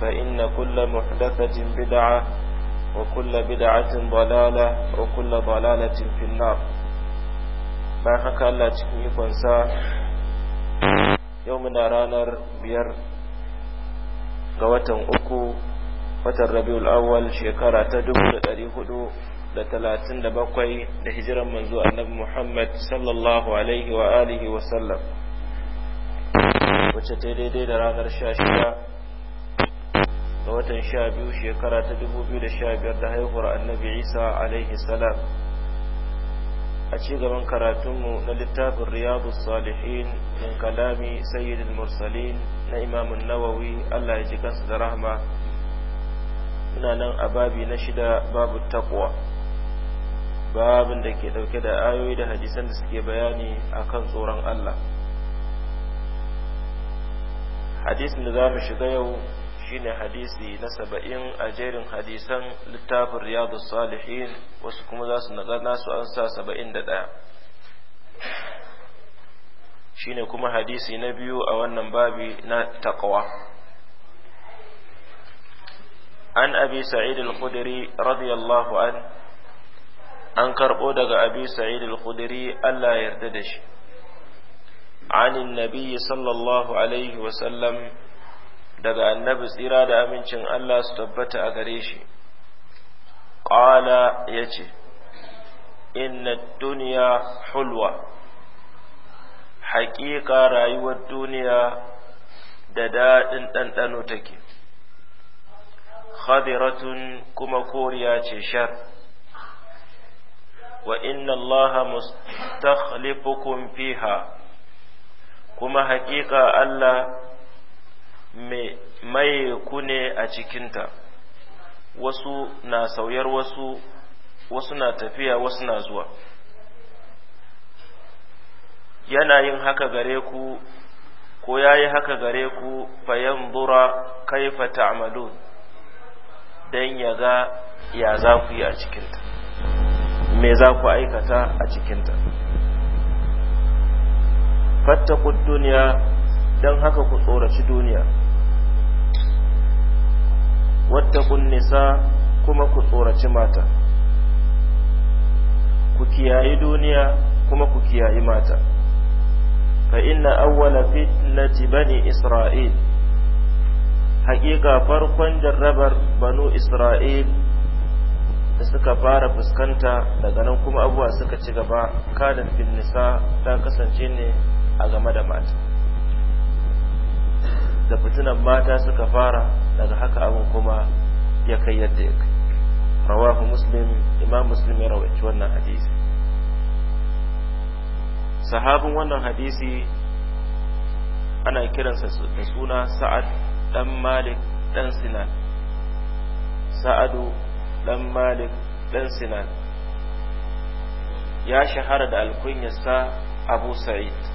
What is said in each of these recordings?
فإن كل محدثة بدعة وكل بدعة ضلالة وكل ضلالة في النار ما حكى الله تكيف ونساه يومنا رانر بير قوة أكو watan rabiul awwal shekara ta dubu da hijiran manzo annabi Muhammad sallallahu alaihi wa alihi wa sallam wacce ta daidai da ranar shida. ga watan sha biyu shekara ta dubu biyu da sha biyar da haihuwar annabi isa alaihi salam a ci gaban karatunmu na littafin riyadu salihin min kalami sayyidin mursalin na imamun nawawi allah ya ji kansa da rahma muna nan a babi na shida babu takwa babin da ke dauke da ayoyi da hadisan da suke bayani akan tsoron allah hadisin da za mu shiga yau shine hadisi na saba'in a jerin hadisan littafin riyadu salihin wasu kuma za su nagana su an sa saba'in da ɗaya shine kuma hadisi na biyu a wannan babi na taqwa an abi sa'id al-khudri radiyallahu an an karbo daga abi sa'id al-khudri Allah ya yarda da shi عن النبي صلى الله عليه وسلم daga annabi tsira da amincin Allah su tabbata a gare shi ƙala ya ce inna duniya hulwa haƙiƙa rayuwar duniya da daɗin ɗanɗano take khadiratun kuma koriya ce shar wa inna allaha mustakhlifukum fiha kuma haƙiƙa Allah mai kune a cikinta wasu na sauyar wasu wasu na tafiya wasu na zuwa yana yin haka gare ku ko ya yi haka gare ku fayan bura kaifa ta'amalu don ya ga ya za ku yi a cikinta me za ku aikata a cikinta fatta ku duniya don haka ku tsoraci duniya wattaqun nisa kuma ku tsoraci mata ku kiyayi duniya kuma ku kiyayi mata fa inna awwala fitnati bani isra'il haƙiƙa farkon jarrabar banu isra'il da suka fara fuskanta daga nan kuma abuwa suka ci gaba kadan fin ta kasance ne a game da mata da fitinan mata suka fara daga haka abin kuma ya kai yadda ya kai rawahu muslim imam muslim ya rawaci wannan hadisi sahabin wannan hadisi ana kiransa da suna sa'ad dan malik dan sinan sa'adu dan malik dan sinan ya shahara da alkunyarsa abu sa'id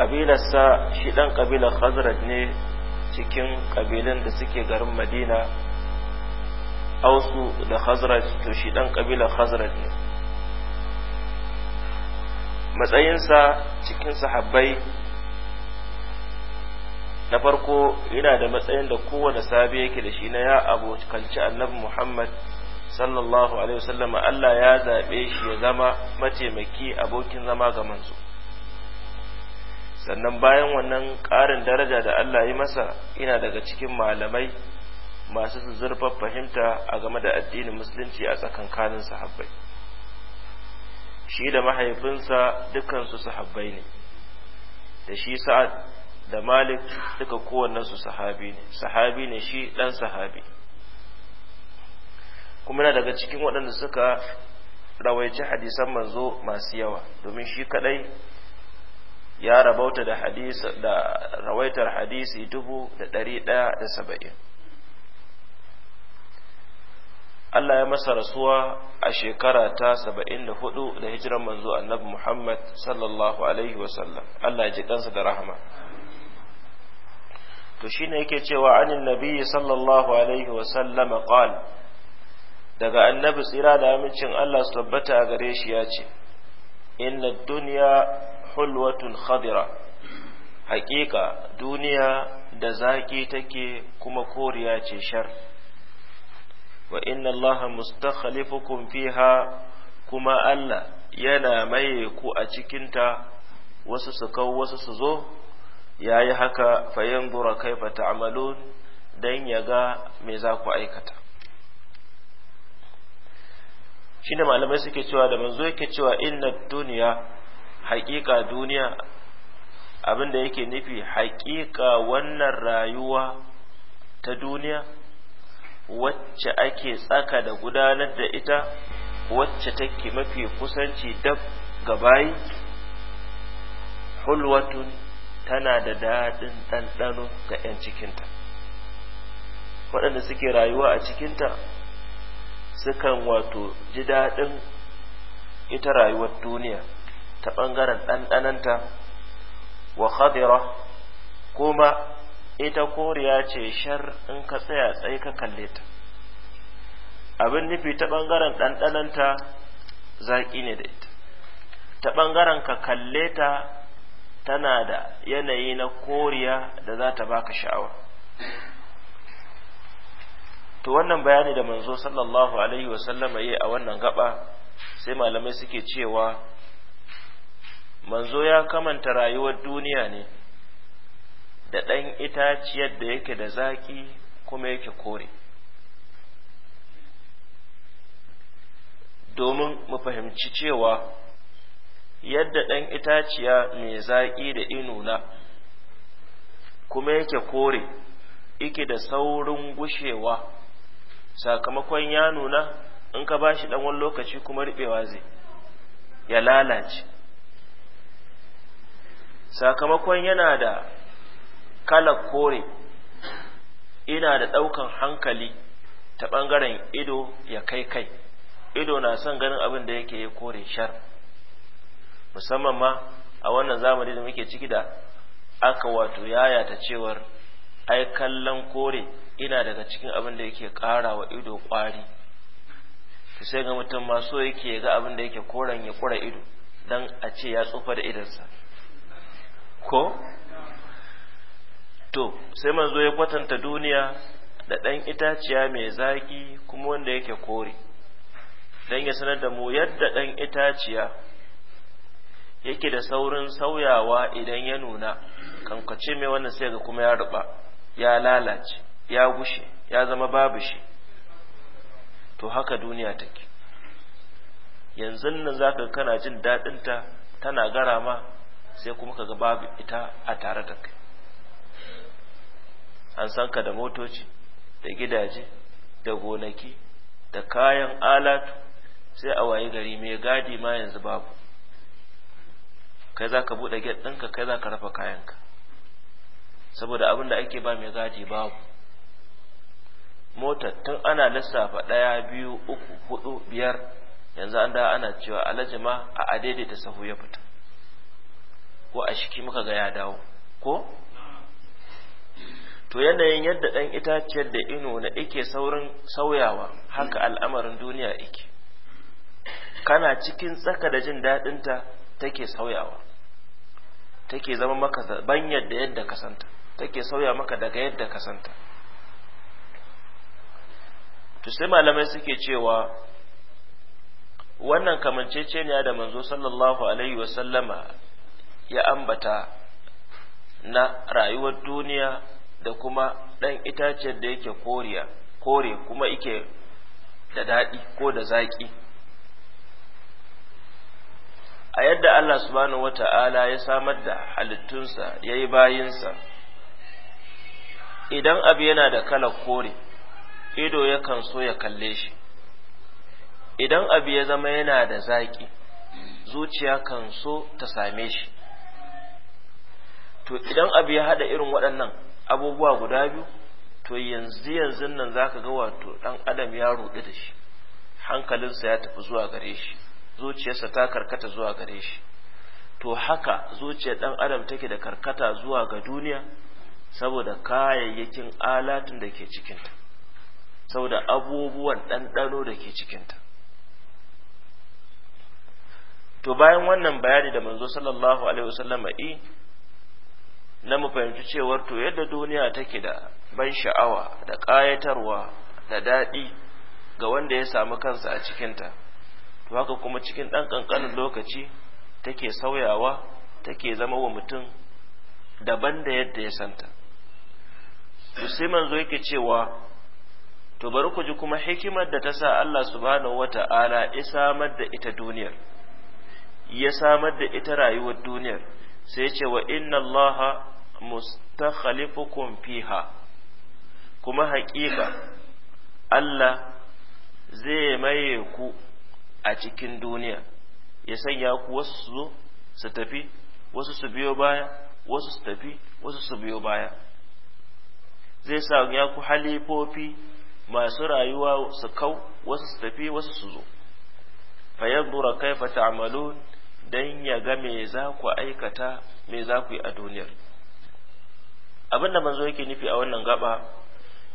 ƙabilarsa shi ɗan ƙabilar khazraj ne cikin ƙabilun da suke garin madina ausu da khazraj to shi ɗan ƙabilar khazraj ne matsayinsa cikin sahabbai na farko yana da matsayin da kowane sabi yake da shi na ya abokanci annabi Muhammad sallallahu alaihi wasallama Allah ya zaɓe shi ya zama mataimaki abokin zama ga manzo sannan bayan wannan ƙarin daraja da Allah yi masa ina daga cikin malamai masu zurfar fahimta a game da addinin musulunci a tsakankanin sahabbai shi da mahaifinsa dukansu sahabbai ne da shi sa'ad da malik duka kowannensu sahabi ne sahabi ne shi ɗan sahabi kuma na daga cikin waɗanda suka rawaici hadisan manzo masu yawa domin shi kaɗai ya rabauta da hadis da rawaitar hadisi dubu da ɗari ɗaya da saba'in Allah ya masa rasuwa a shekara ta saba'in da hudu da hijiran manzo annabi Muhammad sallallahu alaihi wasallam Allah ya ji kansa da rahama to shine yake cewa anin nabiyyi sallallahu alaihi wasallama qala daga annabi tsira da amincin Allah su tabbata gare shi ya ce inna dunya hulwatun khadira haƙiƙa duniya da zaƙi take kuma koriya ce shar wa inna allaha mustakhlifukum fiha kuma Allah yana maye ku a cikinta wasu su kau wasu su zo ya yi haka fayin bura kaifa ta'malun don ya ga me za ku aikata shi malamai suke cewa da manzo yake cewa inna duniya haƙiƙa duniya abin da yake nufi haƙiƙa wannan rayuwa ta duniya wacce ake tsaka da gudanar da ita wacce take mafi kusanci dab gabayi hulwatun tana da daɗin ɗanɗano ga 'yan cikinta waɗanda suke rayuwa a cikinta sukan wato ji daɗin ita rayuwar duniya ta ɓangaren ɗanɗananta wa khadira kuma ita koriya ce shar in ka tsaya tsaye ka kalle ta abin nufi ta ɓangaren ɗanɗananta zaƙi ne da ita ta ɓangaren ka kalle ta tana da yanayi na koriya da za ta baka sha'awa to wannan bayani da manzo sallallahu alaihi wasallama yi a wannan gaba sai malamai suke cewa manzo ya kamanta rayuwar duniya ne da ɗan itaciyar da yake da zaƙi kuma yake kore domin mu fahimci cewa yadda ɗan itaciya mai zaƙi da inuna kuma yake kore yake da saurin gushewa sakamakon ya nuna in ka bashi ɗan wani lokaci kuma riɓewa zai ya lalace sakamakon yana da kalar kore ina da ɗaukan hankali ta ɓangaren ido ya kai kai ido na son ganin abin da yake kore shar musamman ma a wannan zamani da muke ciki da aka wato yaya ta cewar ai kallon kore ina daga cikin abin da yake ƙara wa ido ƙwari sai ga mutum ma so yake ga abin da yake koren ya ƙura ido don a ce ya tsufa da idansa ko to sai manzo ya kwatanta duniya da ɗan itaciya mai zaki kuma wanda yake kore don ya sanar da mu yadda ɗan itaciya yake da saurin sauyawa idan ya nuna kankace mai wannan sai ga kuma ya ruba ya lalace ya gushe ya zama babu shi to haka duniya take yanzu nan zaka kana jin daɗinta tana garama sai kuma kaga babu ita a tare da kai an san ka da motoci da gidaje da gonaki da kayan alatu sai a waye gari mai gadi ma yanzu babu kai za ka buɗe gate ɗinka kai za ka rafa kayanka saboda abin da ake ba mai gadi babu motar tun ana lissafa ɗaya biyu uku hudu biyar yanzu an da ana cewa alajima a adaidaita sahu ya fita ko a shiki muka ga ya dawo ko to yanayin yadda dan itaciyar da ino na ike saurin sauyawa haka al'amarin duniya ike kana cikin tsaka da jin daɗinta take sauyawa take zama maka ban yadda yadda ka santa take sauya maka daga yadda kasanta. santa to sai malamai suke cewa wannan ne da manzo sallallahu alaihi wasallama ya ambata na rayuwar duniya da kuma ɗan itaciyar da yake koriya kore kuma ike da daɗi ko da zaƙi a yadda Allah subhanahu wata'ala ya samar da halittunsa ya yi bayinsa idan abu yana da kalar kore ido yakan so ya kalle shi idan abu ya zama yana da zaƙi zuciya kan so ta same shi to idan abu ya hada irin waɗannan abubuwa guda biyu to yanzu yanzu nan zaka ga wato ɗan adam ya rudu da shi hankalinsa ya tafi zuwa gare shi zuciyarsa ta karkata zuwa gare shi to haka zuciyar ɗan adam take da karkata zuwa ga duniya saboda kayayyakin alatin da ke cikinta saboda abubuwan ɗanɗano da ke cikinta to bayan wannan bayani da manzo sallallahu alaihi wasallam i na mu fahimci cewar to yadda duniya take da ban sha'awa da ƙayatarwa da daɗi ga wanda ya samu kansa a cikinta to haka kuma cikin ɗan ƙanƙanin lokaci take sauyawa take zama wa mutum daban da yadda ya santa to sai manzo yake cewa to bari ku ji kuma hikimar da ta sa Allah subhanahu wata'ala ya samar da ita duniyar ya samar da ita rayuwar duniyar sai ce wa inna allaha mustakhalifukum fiha kuma haƙiƙa Allah zai maye ku a cikin duniya ya sanya ku wasu su zo su tafi wasu su biyo baya wasu su tafi wasu su biyo baya zai sanya ku halifofi masu rayuwa su kau wasu su tafi wasu su zo kai kaifa ta'malun dan ya ga me za ku aikata me za ku yi a duniyar abin da manzo yake nufi a wannan gaba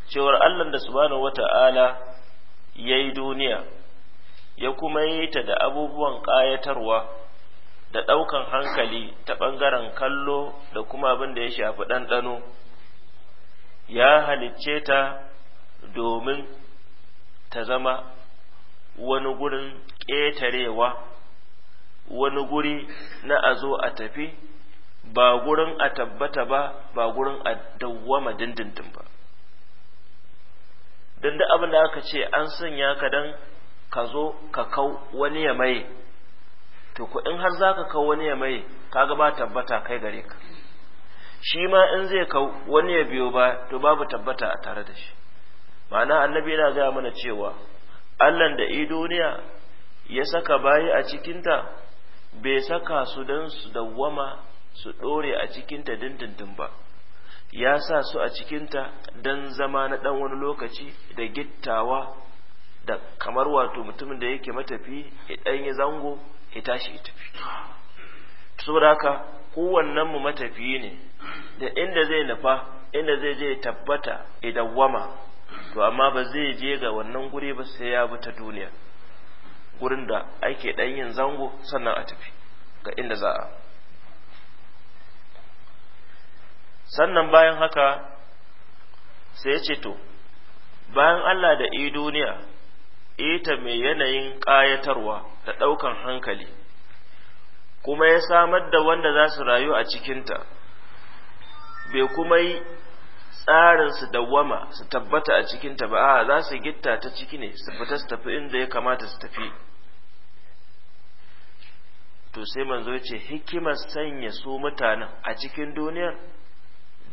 cewar Allah da subhanahu wata'ala yayi duniya ya kuma yi ta da abubuwan ƙayatarwa da ɗaukan hankali ta ɓangaren kallo da kuma abin da ya shafi ɗanɗano ya halicce ta domin ta zama wani gurin ƙetarewa wani guri na azo a tafi ba gurin a tabbata ba ba gurin a dawwama dindindin ba don da abin da aka ce an sanya ka dan ka zo ka kau wani ya mai to ku in har za ka kau wani ya mai kaga ba tabbata kai gare ka shi ma in zai kau wani ya biyo ba to babu tabbata a tare da shi ma'ana annabi yana gaya mana cewa allan da i duniya ya saka bayi a cikinta bai saka su don su dawwama su ɗore a cikinta dindindin ba ya sa su a cikinta don zama na ɗan wani lokaci da gittawa da kamar wato mutumin da yake matafi ɗan yi zango ya tashi ya tafi saboda haka kowannen mu matafiyi ne da inda zai nufa inda zai je tabbata idan wama, to amma ba zai je ga wannan guri ba sai ya bi ta duniya gurin da ake ɗan yin zango sannan a tafi ga inda za a sannan bayan haka sai ya ce to bayan Allah da i duniya ita mai yanayin ƙayatarwa da ɗaukan hankali kuma ya samar da wanda za su rayu a cikinta bai kuma yi tsarin su dawwama su tabbata a cikinta ba a za su gitta ta ciki ne su fita su tafi inda ya kamata su tafi to sai manzo ce hikimar sanya su mutanen a cikin duniyar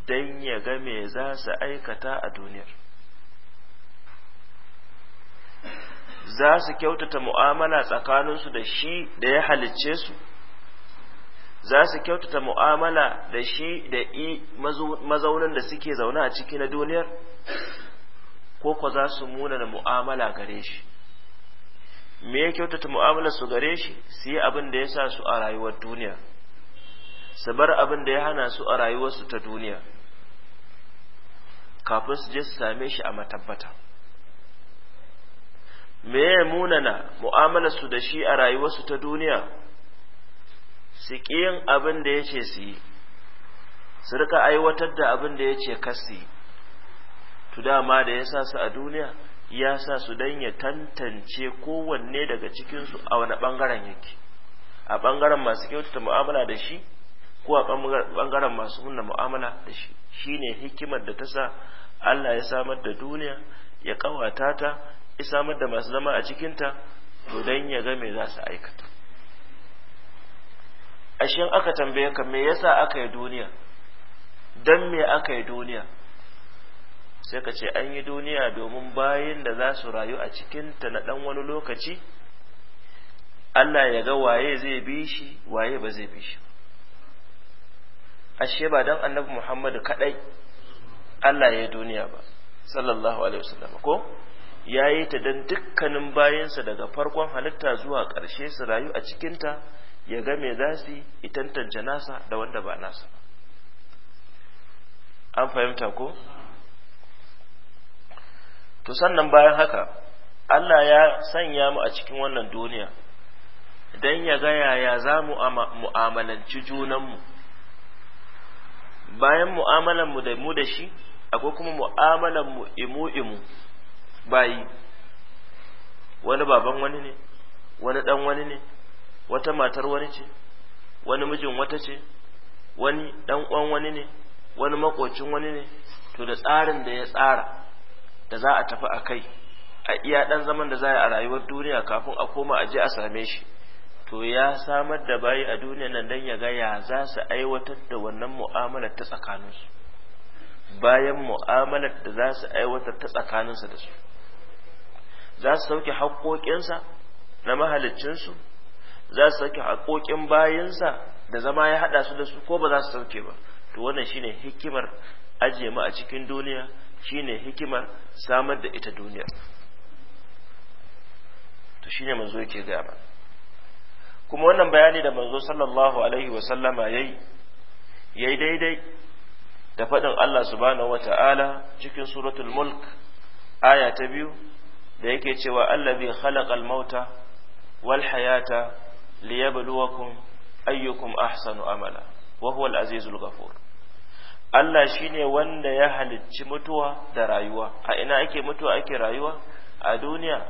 Dan ya ga me za su aikata a duniyar za su kyautata mu'amala tsakaninsu da shi da ya halicce su za su kyautata mu'amala da shi da i mazaunin da suke zaune a ciki na duniyar ko ko za su muna da mu'amala gare shi me ya kyautata mu'amala su gare shi su yi abin da ya sa su a rayuwar duniya su bar abin da ya hana su a rayuwarsu ta duniya kafin su je su same shi a matabbata me ya munana mu'amalarsu da shi a rayuwarsu ta duniya su yin abin da ya ce su yi su rika aiwatar da abin da ya ce kasi tu dama da ya sa su a duniya ya sa su don ya tantance kowanne daga cikinsu a wani ɓangaren yake a ɓangaren masu kyautata mu'amala da shi ko a bangaren masu hunna mu'amala da shi shine hikimar da ta sa Allah ya samar da duniya ya kawata ta ya samar da masu zama a cikinta to don ya ga me za su aikata ashin aka tambaye ka me yasa aka yi duniya Don me aka yi duniya sai ka ce an yi duniya domin bayan da za su rayu a cikinta na ɗan wani lokaci Allah ya ga waye zai bi shi waye ba zai bi shi ashe ba dan annabi Muhammadu kadai Allah ya duniya ba sallallahu alaihi wasallam ko ya yi ta dan dukkanin bayansa daga farkon halitta zuwa ƙarshe su rayu a cikinta ya ga me za su yi tantance nasa da wanda ba nasa an fahimta ko to sannan bayan haka Allah ya sanya mu a cikin wannan duniya don ya ga yaya za mu mu'amalanci junanmu bayan mu'amalan mu da mu da shi akwai kuma mu'amalan mu imu imu bayi wani baban wani ne wani dan wani ne wata matar wani ce wani mijin wata ce wani dan uwan wani ne wani makocin wani ne to da tsarin da ya tsara da za a tafi a kai a iya dan zaman da za a rayuwar duniya kafin a koma a je a same shi to ya samar da bayi a duniya nan dan ya ga ya za su aiwatar da wannan mu'amalar ta tsakaninsu bayan mu'amalar da za su aiwatar ta tsakaninsa da su za su sauke haƙoƙinsa na mahaliccinsu za su sauke haƙoƙin bayinsa da zama ya haɗa su da su ko ba za su sauke ba to wannan shine hikimar aje mu a cikin duniya shine hikimar samar da ita duniya to shine manzo yake gaya mana kuma wannan bayani da manzo sallallahu alaihi wa sallama yayi yayi daidai da faɗin Allah subhanahu wa ta'ala cikin suratul mulk aya ta biyu da yake cewa allazi khalaqal mauta wal hayata liyabluwakum ayyukum ahsanu amala wa huwa al azizul ghafur Allah shine wanda ya halicci mutuwa da rayuwa a ina ake mutuwa ake rayuwa a duniya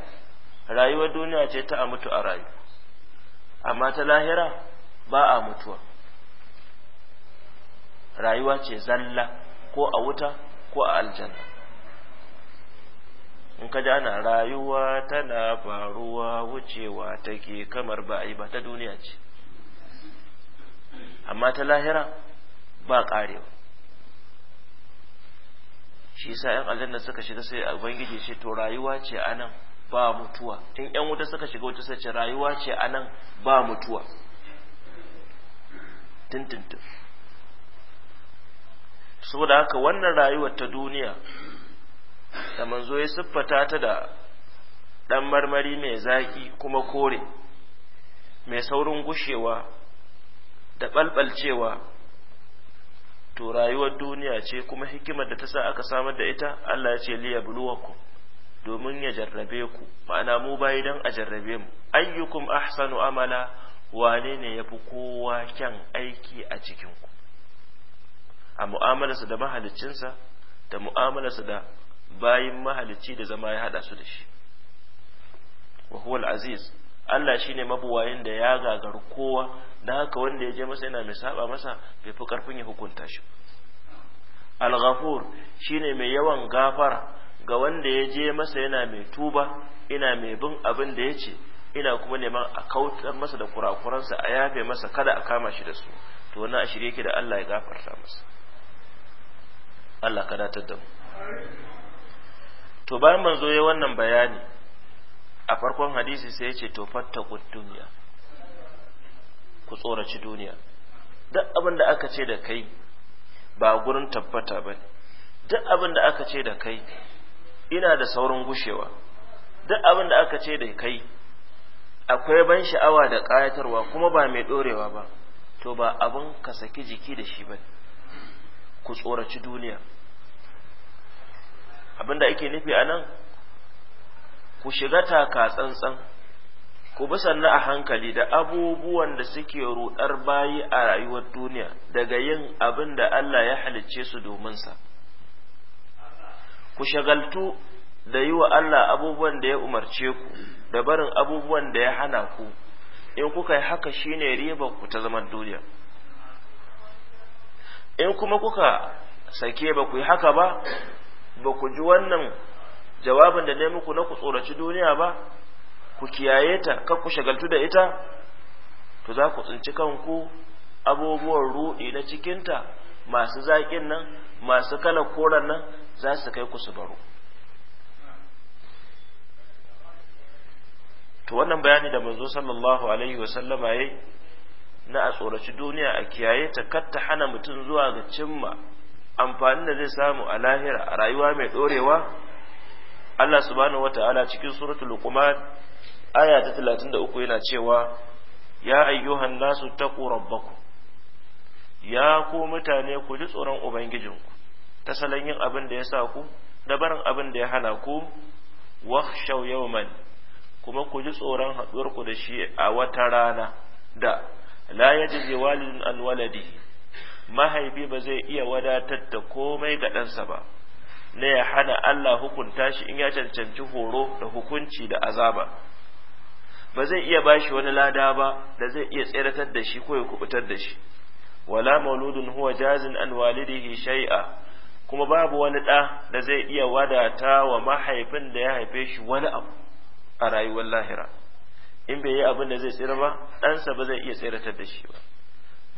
rayuwar duniya ce ta a mutu a rayu amma ta lahira ba a mutuwa rayuwa ce zalla ko a wuta ko a aljanna in ka ji ana rayuwa tana faruwa wucewa take kamar ba a yi ba ta duniya ce amma ta lahira ba karewa shi sa yan aljanna suka shiga sai ubangiji ce to rayuwa ce a nan. ba mutuwa tun yan wuta suka shiga wuta sace rayuwa ce anan ba mutuwa tintintin saboda haka wannan rayuwar ta duniya da manzo ya siffata ta da ɗan marmari mai zaki kuma kore mai saurin gushewa da ɓalɓalcewa to rayuwar duniya ce kuma hikimar da ta sa aka samar da ita Allah ya ce liya buluwakum domin ya jarrabe ku ma'ana mu bayi don a jarrabe mu ayyukum ahsanu amala wane ne ya fi kowa kyan aiki a cikinku a mu'amalarsa da mahalicinsa da mu'amalarsa da bayin mahalicci da zama ya hada su da shi wa aziz Allah shine mabuwayin da ya gagar kowa da haka wanda ya je masa yana mai saba masa bai fi karfin ya hukunta shi al-ghafur shine mai yawan gafara ga wanda ya je masa yana mai tuba ina mai bin abin da ya ce ina kuma neman a kautar masa da kurakuransa a yafe masa kada a kama shi da su to wani a shirye ke da Allah ya gafarta masa Allah ka datar da mu to bayan manzo ya wannan bayani a farkon hadisi sai ya ce to fattaqud duniya ku tsoraci duniya duk abin da aka ce da kai ba gurin tabbata bane duk abin da aka ce da kai ina da saurin gushewa duk abin da aka ce da kai akwai ban sha'awa da ƙayatarwa kuma ba mai ɗorewa ba to ba abin ka saki jiki da shi ba ku tsoraci duniya abin da ake nufi a nan ku shiga taka tsantsan ku bi sannu a hankali da abubuwan da suke ruɗar bayi a rayuwar duniya daga yin abin da Allah ya halicce su domin sa. ku shagaltu da yi wa Allah abubuwan da ya umarce ku da barin abubuwan da ya hana ku in kuka yi haka shine riba ku ta zaman duniya in kuma kuka sake ba ku yi haka ba ba ku ji wannan jawabin da ne muku na ku tsoraci duniya ba ku kiyaye ta kan ku shagaltu da ita to za ku tsinci kanku abubuwan ruɗi na cikinta masu zaƙin nan masu kalar koren nan za su kai ku su baro to wannan bayani da manzo sallallahu alaihi wa sallama yayi na a tsoraci duniya a kiyaye ta katta hana mutum zuwa ga cimma amfanin da zai samu a lahira a rayuwa mai dorewa Allah subhanahu wata'ala cikin suratul luqman aya ta 33 yana cewa ya ayyuhan nasu taqu rabbakum ya ku mutane ku ji tsoron ubangijinku ta salon yin abin da ya sa ku da barin abin da ya hana ku yau yawman kuma ku ji tsoron haɗuwar ku da shi a wata rana da la yajizi jirgin an alwaladi. mahaifi ba zai iya wadatar da komai ga ɗansa ba na ya hana Allah hukunta shi in ya cancanci horo da hukunci da azaba ba zai iya shi wani lada ba da zai iya tseratar da shi ko ya kubutar da shi wala mauludun huwa jazin an walidihi shay'a kuma babu wani ɗa da zai iya wadata wa mahaifin da ya haife shi wani abu a rayuwar lahira in bai yi abin da zai tsira ba ɗansa ba zai iya tsiratar da shi ba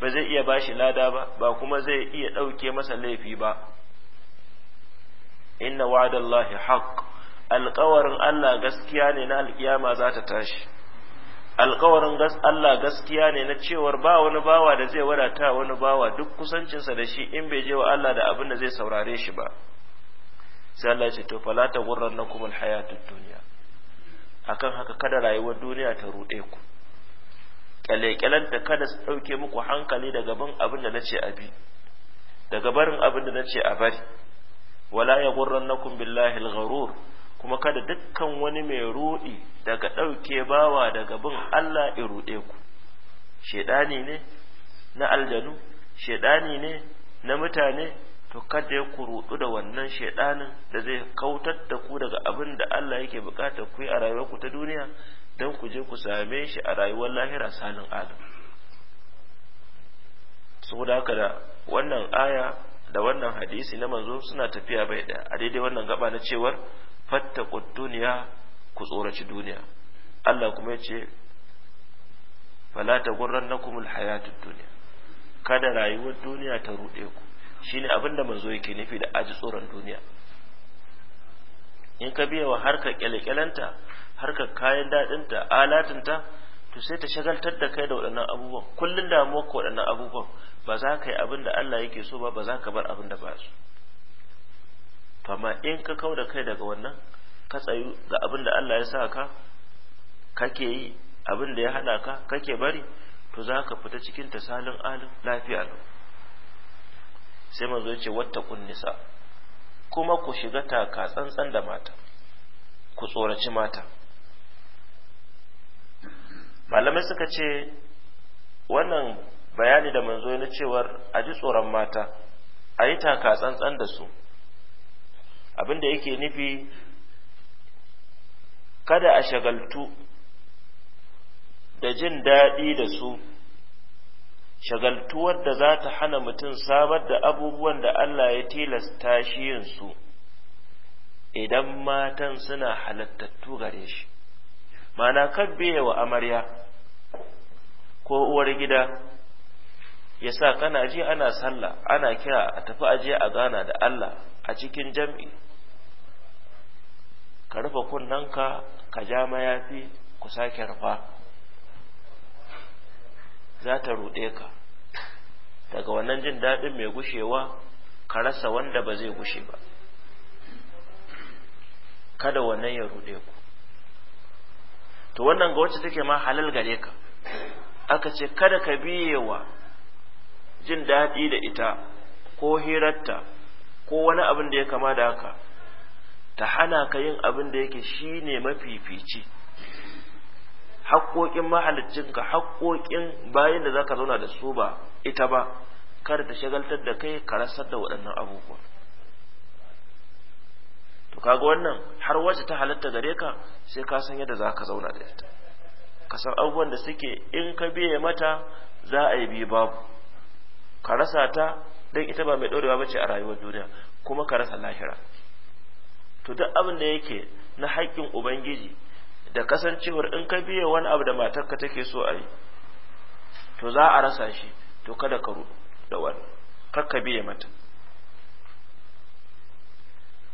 ba zai iya bashi lada ba ba kuma zai iya ɗauke masa laifi ba inna wa'adallahi haqq alƙawarin Allah gaskiya ne na alƙiyama za ta tashi alkawarin Allah gaskiya ne na cewar ba wani bawa da zai wadata wani bawa duk kusancinsa da shi in bai je wa Allah da abin da zai saurare shi ba sai Allah ce to falata ta gurran na kuma hayatul duniya akan haka kada rayuwar duniya ta ruɗe ku kyalekyalen ta kada su ɗauke muku hankali daga bin abin da nace a bi daga barin abin da nace a bari wala ya gurran na billahi al-gharur kuma kada dukkan wani mai ruɗi daga ɗauke bawa daga bin Allah in ruɗe ku shaidani ne na aljanu shaidani ne na mutane to kada ku ruɗu da wannan shaidanin da zai kautar da ku daga abin da Allah yake bukatar ku yi a rayuwarku ta duniya don ku je ku same shi a rayuwar lahira salin adam saboda haka da wannan aya da wannan hadisi na manzo suna tafiya bai da a daidai wannan gaba na cewar fattaqud dunya ku tsoraci duniya Allah kuma yace fala tagurrannakum hayatud dunya kada rayuwar duniya ta rude ku shine abinda manzo yake nufi da aji tsoron duniya in ka biya wa harkar ta, harkar kayan ta, alatin ta, to sai ta shagaltar da kai da waɗannan abubuwan kullun damuwar ka waɗannan abubuwan ba za ka yi abin da Allah yake so ba ba za ka bar abin da ba su amma in ka kau da kai daga wannan ka tsayu ga abin da Allah ya sa ka kake yi abin da ya hana ka kake bari to za ka fita cikin tasalin alin lafiya lau sai manzo ya ce wata nisa kuma ku shiga taka tsantsan da mata ku tsoraci mata malamai suka ce wannan bayani da manzo na cewar a ji tsoron mata a yi taka tsantsan da su Abin abinda yake nufi kada a shagaltu da jin daɗi da su shagaltuwar da za ta hana mutum samar da abubuwan da Allah ya tilasta shi yin su idan matan suna halattattu gare shi mana kabbe wa amarya ko uwar gida ya sa kana ji ana sallah ana kira a tafi aje a gana da Allah a cikin jam'i ka rufe kunnanka ka ja mayafi ku sake rufa za ta ruɗe ka daga wannan jin daɗin mai gushewa ka rasa wanda ba zai gushe ba kada wannan ya ruɗe ku to wannan ga wacce take ma halal gare ka aka ce kada ka biyewa jin daɗi da ita ko hirarta ko wani abin da ya kama da haka ta hana ka yin abin da yake shi ne mafifici haƙoƙin ka haƙoƙin bayan da za ka zauna da su ba ita ba kar ta shagaltar da kai ka rasar da waɗannan abubuwa to kaga wannan har wacce ta halatta gare ka sai ka san yadda za ka zauna da ita ka san abubuwan da suke in ka biye mata za a yi biyu babu ka rasa ta dan ita ba mai dorewa bace a rayuwar duniya kuma ka rasa lahira to duk abin da yake na haƙƙin ubangiji da kasancewar in ka biya wani abu da matarka take so a yi to za a rasa shi to kada ka da wani kar ka biya mata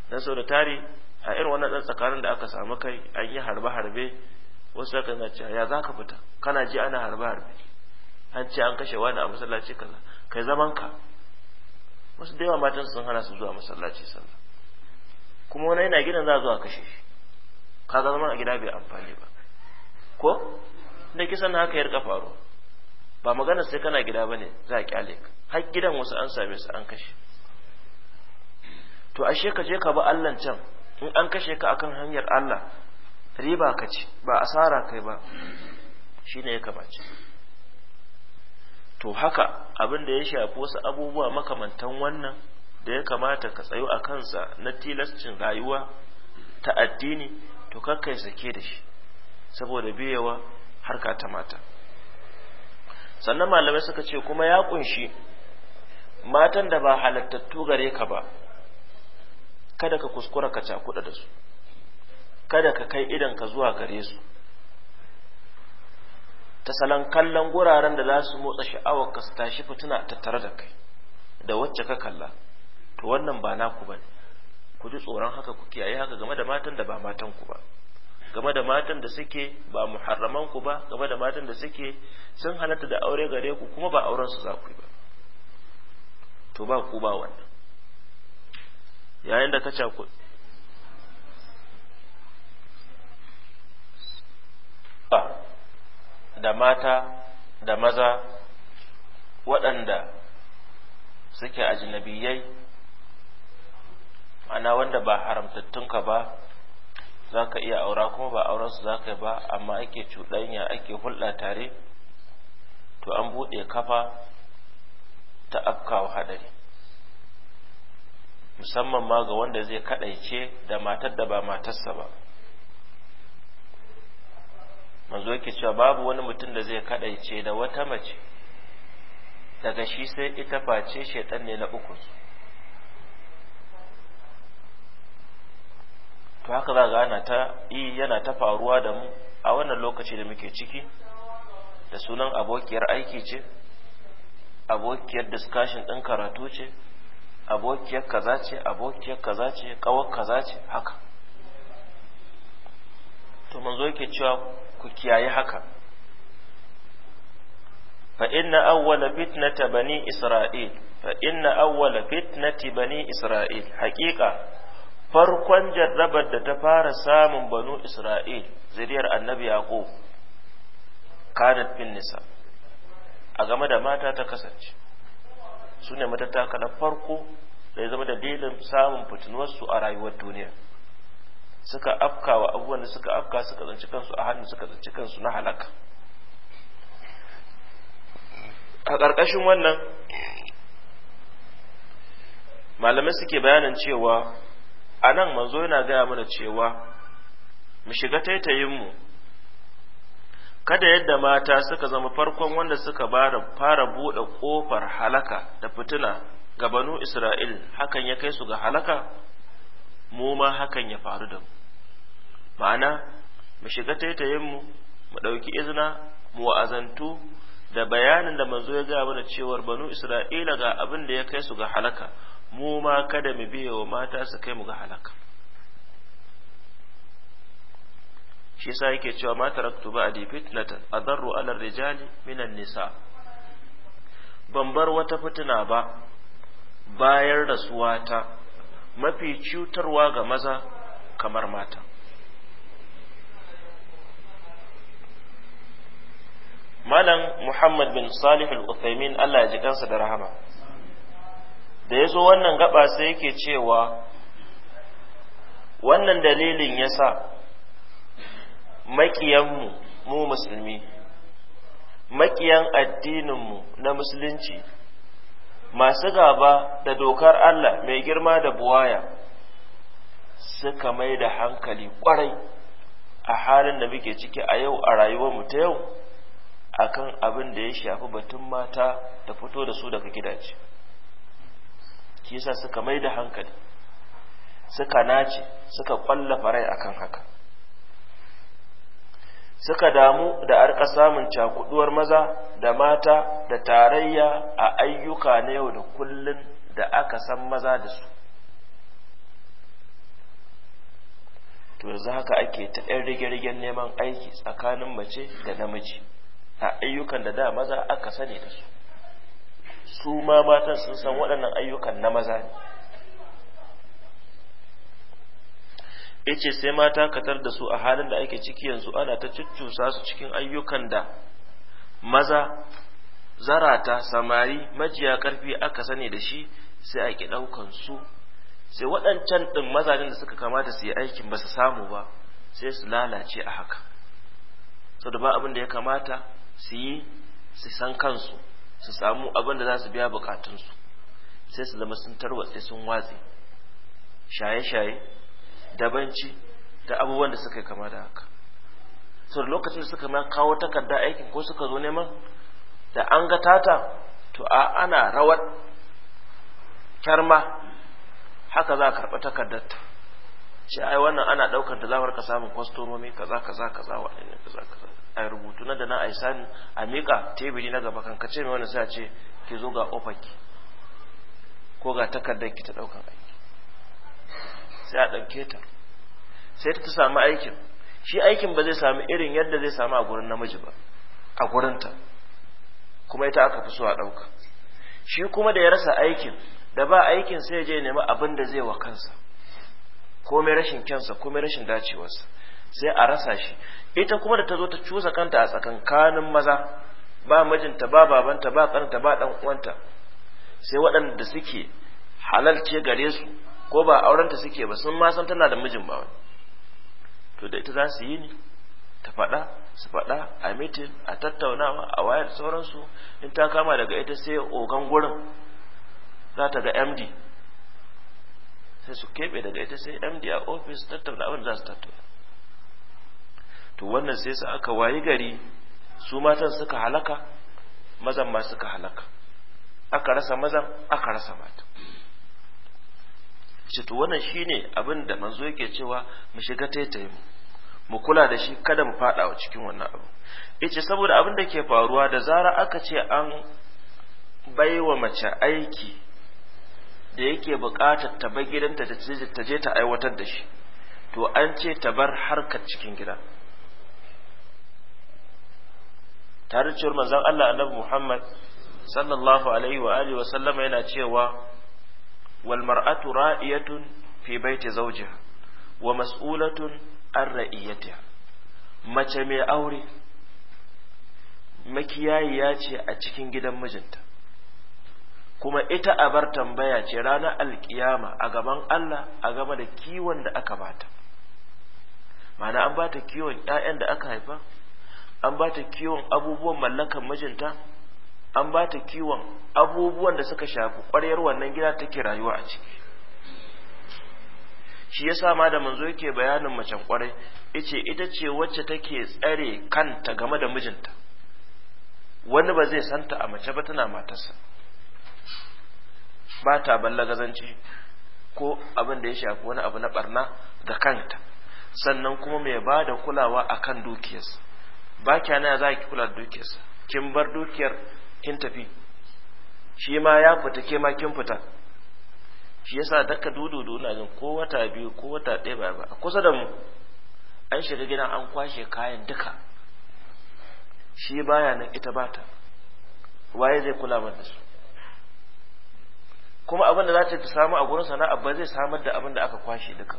dan sau da tari a irin wannan dan tsakanin da aka samu kai an yi harbe harbe wasu suka na cewa ya zaka fita kana ji ana harbe harbe an ce an kashe wani a masallaci kaza kai zaman ka wasu da yawa matan sun hana su zuwa masallaci sallah kuma wani yana gidan za a zuwa kashe shi ka zama a gida bai amfani ba ko da kisan haka ya rika faru ba magana sai kana gida bane za a kyale ka har gidan wasu an same su an kashe to ashe ka je ka bi Allah can in an kashe ka akan hanyar Allah riba ka ci ba asara kai ba shine ya kamace to haka abin da ya shafi wasu abubuwa makamantan wannan da ya kamata ka tsayo a kansa na tilascin rayuwa ta addini to kakkai sake da shi saboda har harka ta mata sannan malamai suka ce kuma ya kunshi matan da ba halattattu gare ka ba kada ka kuskura ka cakuɗa da su kada ka kai idan ka zuwa gare su ta kallon guraren da za su motsa sha'awar ka su tashi ta tattare da kai da wacce ka kalla to wannan ba naku bane ku ji tsoron haka ku kiyaye haka game da matan da ba matan ku ba game da matan da suke ba muharraman ku ba game da matan da suke sun halatta da aure gare ku kuma ba auren su za ku yi ba to ba ku ba wannan yayin da ka ku ba ah. da mata da maza waɗanda suke ajinabiyai ana wanda ba haramtattunka ba za ka iya aura kuma ba su za ka ba amma ake cuɗanya ake hulɗa tare to an buɗe kafa ta afkawa haɗari musamman ma ga wanda zai kaɗaice da matar da ba matarsa ba manzo yake cewa babu wani mutum da zai kadaice da wata mace daga shi sai ita face shaitan ne na uku to haka za ga ana ta yi yana ta faruwa da mu a wannan lokaci da muke ciki da sunan abokiyar aiki ce abokiyar discussion ɗin karatu ce abokiyar kaza ce abokiyar kaza ce kawar kaza ce haka to manzo yake cewa ku kiyaye haka fa inna awwala fitnata bani isra'il fa inna awwala fitnati bani isra'il haqiqa farkon jarrabar da ta fara samun banu isra'il zuriyar annabi yaqub kanat bin nisa a game da mata ta kasance su ne matattakalar farko da ya zama dalilin samun fitinuwarsu a rayuwar duniya suka afka wa abubuwan da suka afka suka zanci kansu a hannu suka zanci kansu na halaka a ƙarƙashin wannan malamai suke bayanin cewa a nan manzo yana gaya mana cewa mu shiga taitayinmu kada yadda mata suka zama farkon wanda suka fara buɗe ƙofar halaka da fitina ga banu isra'il hakan ya kai su ga halaka mu ma hakan ya faru da mu ma'ana mu shiga taitayen mu mu ɗauki izina mu wa'azantu da bayanin da manzo ya gaya mana cewar banu isra'ila ga abin da ya kai su ga halaka mu ma kada mu biye wa mata su kai mu ga halaka shi yasa yake cewa ma taraktu adi fitnatan adarru 'ala rijali minan nisa ban bar wata fitina ba bayan ta. mafi cutarwa ga maza kamar mata malam muhammad bin salih al-uthaymin allah ya ji kansa da rahama da ya zo wannan gaba sai yake cewa wannan dalilin ya sa makiyanmu mu musulmi maƙiyan addininmu na musulunci masu gaba da dokar Allah mai girma da buwaya suka mai da hankali kwarai a halin da muke ciki a yau a rayuwarmu ta yau akan abin da ya shafi batun mata da fito da su daga gidaje kisa suka mai da hankali suka nace suka kwallafa rai akan haka suka damu da arka samun cakuduwar maza da mata da tarayya a ayyuka na yau da kullun da aka san maza da su to yanzu haka ake ta ɗan rige neman aiki tsakanin mace da namiji a ayyukan da da maza aka sani da su su ma matan sun san waɗannan ayyukan na maza ne yace sai mata katar da su a halin da ake ciki yanzu ana ta cuccusa su cikin ayyukan da maza zarata samari majiya karfi aka sani da shi sai a ki daukan su sai waɗancan din mazajin da suka kamata su yi aikin ba su samu ba sai su lalace a haka saboda ba abin da ya kamata su yi su san kansu su samu abin da za su biya bukatunsu sai su zama sun tarwatse sun watse shaye-shaye Dabanci da abubuwan da suka yi kama da haka sau lokacin da suka ma kawo takarda aikin ko suka zo neman da an ga tata to a ana rawar kyarma haka za a karɓi takardar ta ce ai wannan ana ɗaukar da zamar ka samun kwastomomi kaza kaza kaza za kaza kaza a rubutu na da na aisa ne a miƙa tebiri na gaba kan kace mai wani sai ce ke zo ga ofaki ko ga takardar ki ta ɗaukar aiki sai a ɗauke ta sai ta samu aikin shi aikin ba zai samu irin yadda zai samu a gurin namiji ba a gurinta kuma ita aka fi so a ɗauka shi kuma da ya rasa aikin da ba aikin sai je nemi abin da zai wa kansa ko mai rashin kyansa mai rashin dacewarsa sai a rasa shi ita kuma da ta zo ta cusa kanta a tsakankanin maza ba mijinta ba babanta ba kanta, ba dan uwanta sai waɗanda suke halalce garesu. gare su ko ba aurenta suke ba sun ma san tana da mijin ba wani to da ita za su yi ne ta faɗa su faɗa a mitin a tattaunawa a wayar sauransu in ta kama daga ita sai ogan gurin za ta ga md sai su keɓe daga ita sai md a ofis tattauna abin za su tattauna to wannan sai su aka wayi gari su matan suka halaka mazan ma suka halaka aka rasa mazan aka rasa matan ce to wannan shine abin da manzo yake cewa mu shiga taitaye mu mu kula da shi kada mu fada wa cikin wannan abu yace saboda abin da ke faruwa da zara aka ce an baiwa mace aiki da yake buƙatar ta bar gidanta ta je ta aiwatar da shi to an ce ta bar harkar cikin gida tare cewar manzon Allah annabi Muhammad sallallahu alaihi wa alihi wa sallama yana cewa wal mar'atu ra'iyatun fi baiti zawjiha wa mas'ulatun an ra'iyatiha mace mai aure makiyayiya ce a cikin gidan mijinta kuma ita abar tambaya ce ranar alƙiyama a gaban Allah a gaba da kiwon da aka bata mana an bata kiwon 'ya'yan da aka haifa an bata kiwon abubuwan mallakan mijinta an ba ta kiwon abubuwan da suka shafi ƙwaryar wannan gida take rayuwa a ciki shi yasa ma da manzo yake bayanin macen ƙwarai ice ita ce wacce take tsare kanta game da mijinta wani ba zai santa a mace ba tana matarsa ba ta ballagazanci ko abin da ya shafi wani abu na barna ga kanta sannan kuma mai ba da kulawa a kan dukiyarsa ba kyana za ki kula da dukiyarsa kin bar dukiyar kin tafi shi ma ya fita ke ma kin fita shi yasa daka dududu na jin ko wata biyu ko wata ɗaya ba ba kusa da mu an shiga gidan an kwashe kayan duka shi baya nan ita bata waye zai kula mana da su kuma abin da za ta samu a gurin sana'a ba zai samar da abin da aka kwashe duka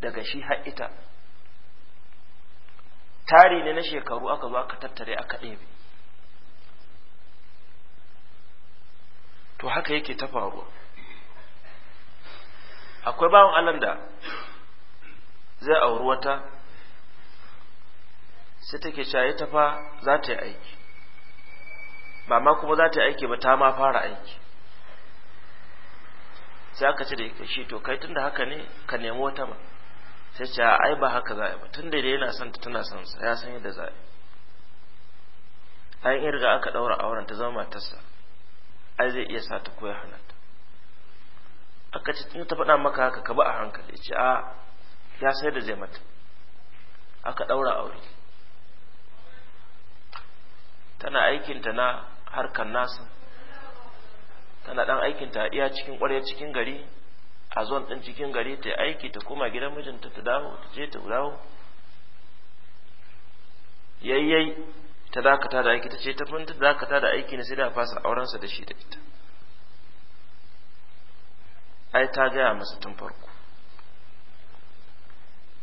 daga shi har ita tari ne na shekaru aka zo aka tattare aka ɗebe to haka yake ta faru akwai bawan allah da zai auri wata sai take shaye ta fa za ta yi aiki ba ma kuma za ta yi aiki ba ta ma fara aiki sai aka ce da shi to kai tunda haka ne ka nemi wata ba sai ce ai ba haka za a yi ba tunda da yana son ta tana son sa ya san yadda za a yi an irga aka daura auren ta zama matarsa ai zai iya sa ta koya halatta aka ce ta faɗa maka haka ka ba a hankali ce a ya sai da zai mata aka ɗaura aure tana aikinta na harkar nasa, tana ɗan aikinta a iya cikin ƙwarya cikin gari a zuwan ɗin cikin gari ta aiki ta koma gidan mijinta ta dawo ta je ta dawo yayyai ta dakata da aiki ta ce ta fanta dakata da aiki ne sai da fasa aurensa da shi da ita ai ta gaya masa tun farko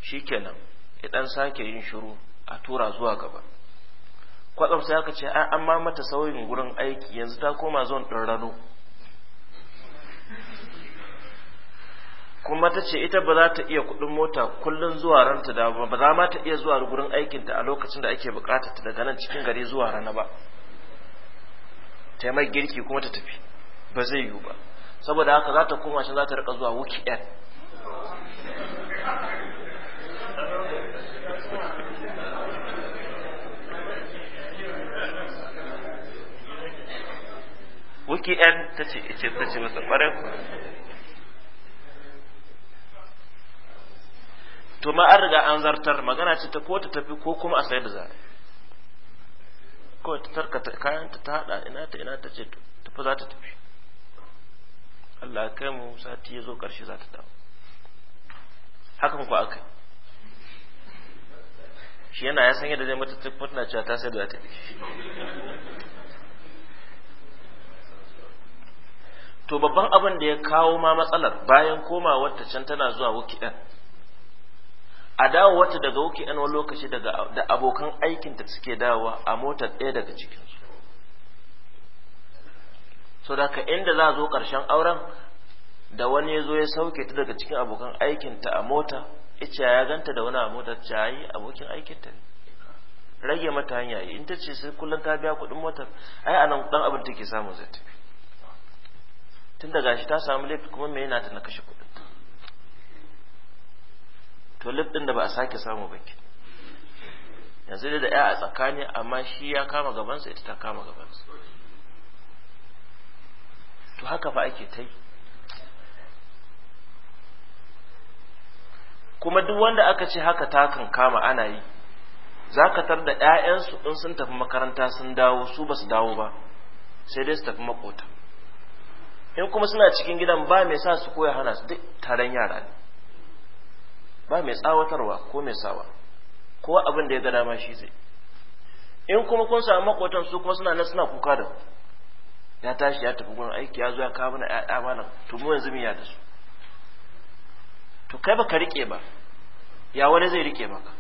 shikenan ya dan sake yin shiru a tura zuwa gaba kwatsam sai aka ce ai amma mata sauyin gurin aiki yanzu ta koma zuwan ɗin rano kuma ta ce ita ba za ta iya kuɗin mota kullum zuwa ranta da ba za ma ta iya zuwa gurin aikinta a lokacin da ake bukatar ta daga nan cikin gari zuwa rana ba ta mai girki kuma ta tafi ba zai yiwu ba saboda haka za ta koma shi za ta rika zuwa wuki ɗan wuki ɗan ta ce ita ce masa ƙwarai to ma an riga an zartar magana ce ta ko ta tafi ko kuma a sayar da zare ko ta tarkata kayan ta ta hada ina ta ina ta ce tafi za ta tafi Allah ya kai mu sati ya zo karshe za ta dawo hakan ku aka shi yana ya san yadda zai mata tafi na cewa ta sayar da za ta to babban abin da ya kawo ma matsalar bayan komawa ta can tana zuwa wukiɗan a dawo wata daga wuki an wani lokaci da abokan aikinta suke dawowa a motar ɗaya daga cikin so da ka inda za a zo ƙarshen auren da wani ya zo ya sauke ta daga cikin abokan aikinta a mota ita ya ganta da wani a mota ta yi abokin aikinta ne rage mata hanya in ta ce sai kullum ta biya kuɗin motar ai a nan ɗan abin take samu zai tafi tun da gashi ta samu laifi kuma me yana ta na kashe kuɗi to lif din da ba a sake samu ba ke yanzu da ya a tsakani amma shi ya kama gabansa ita ta kama gabansa to haka fa ake ta yi kuma duk wanda aka ce haka takan kama ana yi za ka tar da 'ya'yansu in sun tafi makaranta sun dawo su ba su dawo ba sai dai su tafi makota in kuma suna cikin gidan ba mai sa su koya hana su duk taron yara ne ba mai tsawatarwa ko mai sawa ko abin da ya ga dama shi zai in kuma kun samu makotan su kuma suna nan suna kuka da ya tashi ya tafi gurin aiki ya zo ya kawo mana ƴaƴa malam to mu yanzu miya da su to kai baka rike ba ya wani zai rike maka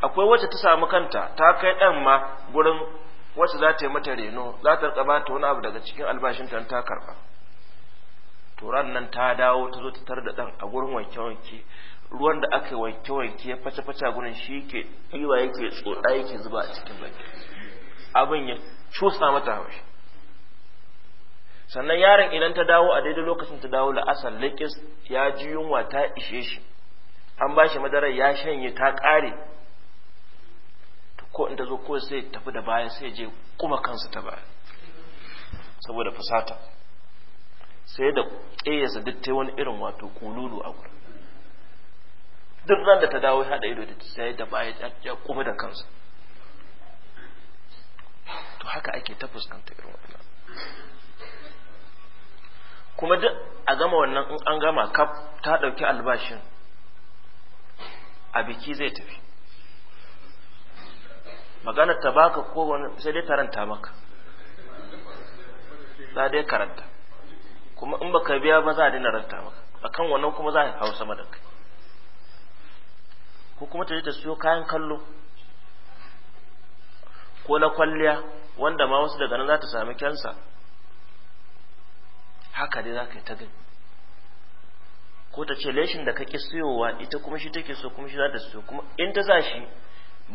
akwai wacce ta samu kanta ta kai ɗan ma gurin wacce za ta yi mata reno za ta rika ba ta wani abu daga cikin albashin ta ta karba? turan nan ta dawo ta zo ta tar da ɗan a gurin wanke-wanke ruwan da aka wanke-wanke ya face-face gurin shi ke ɗiwa yake tsoda yake zuba a cikin baki abin ya cusa mata haushi sannan yaron idan ta dawo a daidai lokacin ta dawo la'asar lakis ya ji yunwa ta ishe shi an ba shi madarar ya shanye ta ƙare ko in ta zo ko sai tafi da baya sai je kuma kansa ta baya saboda fusata sai da ƙeyasa duk wani irin wato kululu a gurin duk ran da ta dawo haɗa ido da sai da baya ya kuma da kansa to haka ake ta fuskanta irin wannan kuma duk a gama wannan in an gama kaf ta ɗauki albashin a biki zai tafi maganar ta baka ko wani sai dai taranta maka za dai karanta kuma in baka biya ba za a dina ranta maka akan wannan kuma za a hau sama da kai ko kuma ta je ta siyo kayan kallo ko na kwalliya wanda ma wasu daga nan za ta sami kyansa haka dai za ka yi ta gani ko ta ce leshin da kake siyowa ita kuma shi take so kuma shi za ta siyo kuma in ta sa shi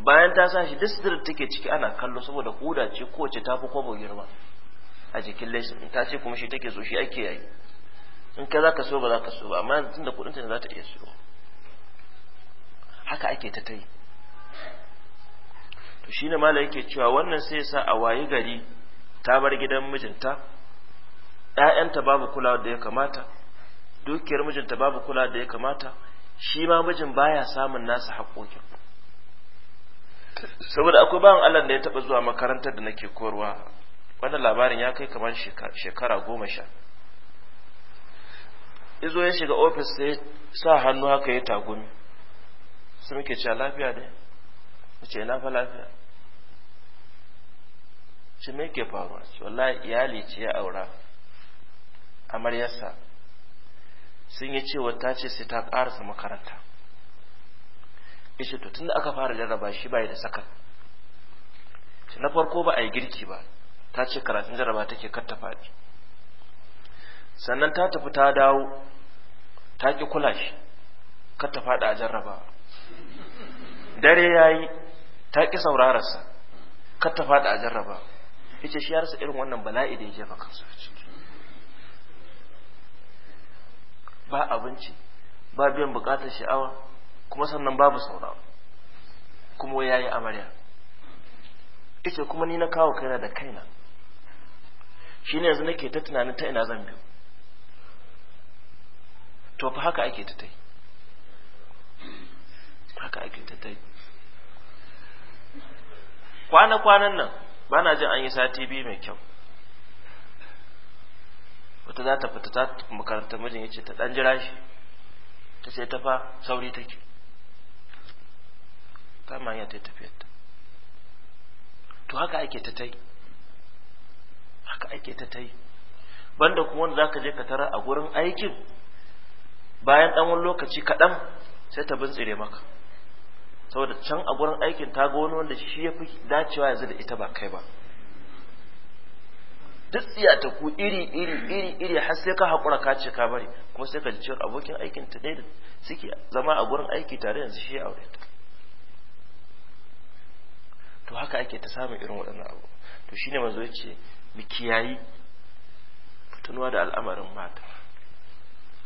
bayan ta sa shi duk take ciki ana kallo saboda kuda ce kowace ta fi kwabo girma a jikin laifin ta ce kuma shi take so shi ake yayi in ka za ka so ba za ka so ba amma yanzu da kuɗin ta ne za ta iya so haka ake ta tai to shi ne mala yake cewa wannan sai sa a wayi gari ta bar gidan mijinta ‘ya'yanta babu kula da ya kamata dukiyar mijinta babu kula da ya kamata shi ma mijin baya samun nasa haƙoƙin saboda akwai bayan allah da ya taɓa zuwa makarantar da nake korwa wannan labarin ya kai kamar shekara goma sha izo ya shiga ofis sai sa hannu haka ya tagumi su muke cewa lafiya ne ce na fa lafiya Su me ke faruwa wallahi iyali ce ya aura amaryarsa sun yi cewa ta ce sai ta karasa makaranta ishe to da aka fara jarraba shi bai da saka na farko ba a yi girki ba ta ce karatun jaraba take kar ta faɗi sannan ta tafi ta dawo ta ƙi kula shi kar ta faɗi a jaraba dare ya yi ta ƙi saurararsa kar ta faɗi a jaraba ita shi ya rasa irin wannan bala'i da ya jefa kansa ciki ba abinci ba biyan bukatar sha'awa kuma sannan babu saurawa, kuma ya yi amarya ita kuma ni na kawo kaina da kaina ne yanzu nake ta tunanin ta ina zan biyo to fa haka ake ta tai haka ake ta tai kwana-kwanan nan ba na jin an yi sati biyu mai kyau wata za ta fita ta makaranta mijin ya ce ta ɗan jira shi ta ce ta fa sauri take ta manya ta tafiyar to haka ake ta tai haka ake ta ta yi banda kuma wanda zaka je ka tara a gurin aikin bayan dan wani lokaci kaɗan sai ta bintsire maka saboda can a gurin aikin ta ga wani wanda shi ya fi dacewa yanzu da ita ba kai ba duk tsiya ta ku iri iri iri iri har sai ka haƙura ka ce ka bari kuma sai ka ji cewa abokin aikin ta ɗaya da suke zama a gurin aiki tare yanzu shi ya aure ta to haka ake ta samun irin waɗannan abu to shine manzo yace mu kiyayi tunuwa da al'amarin mata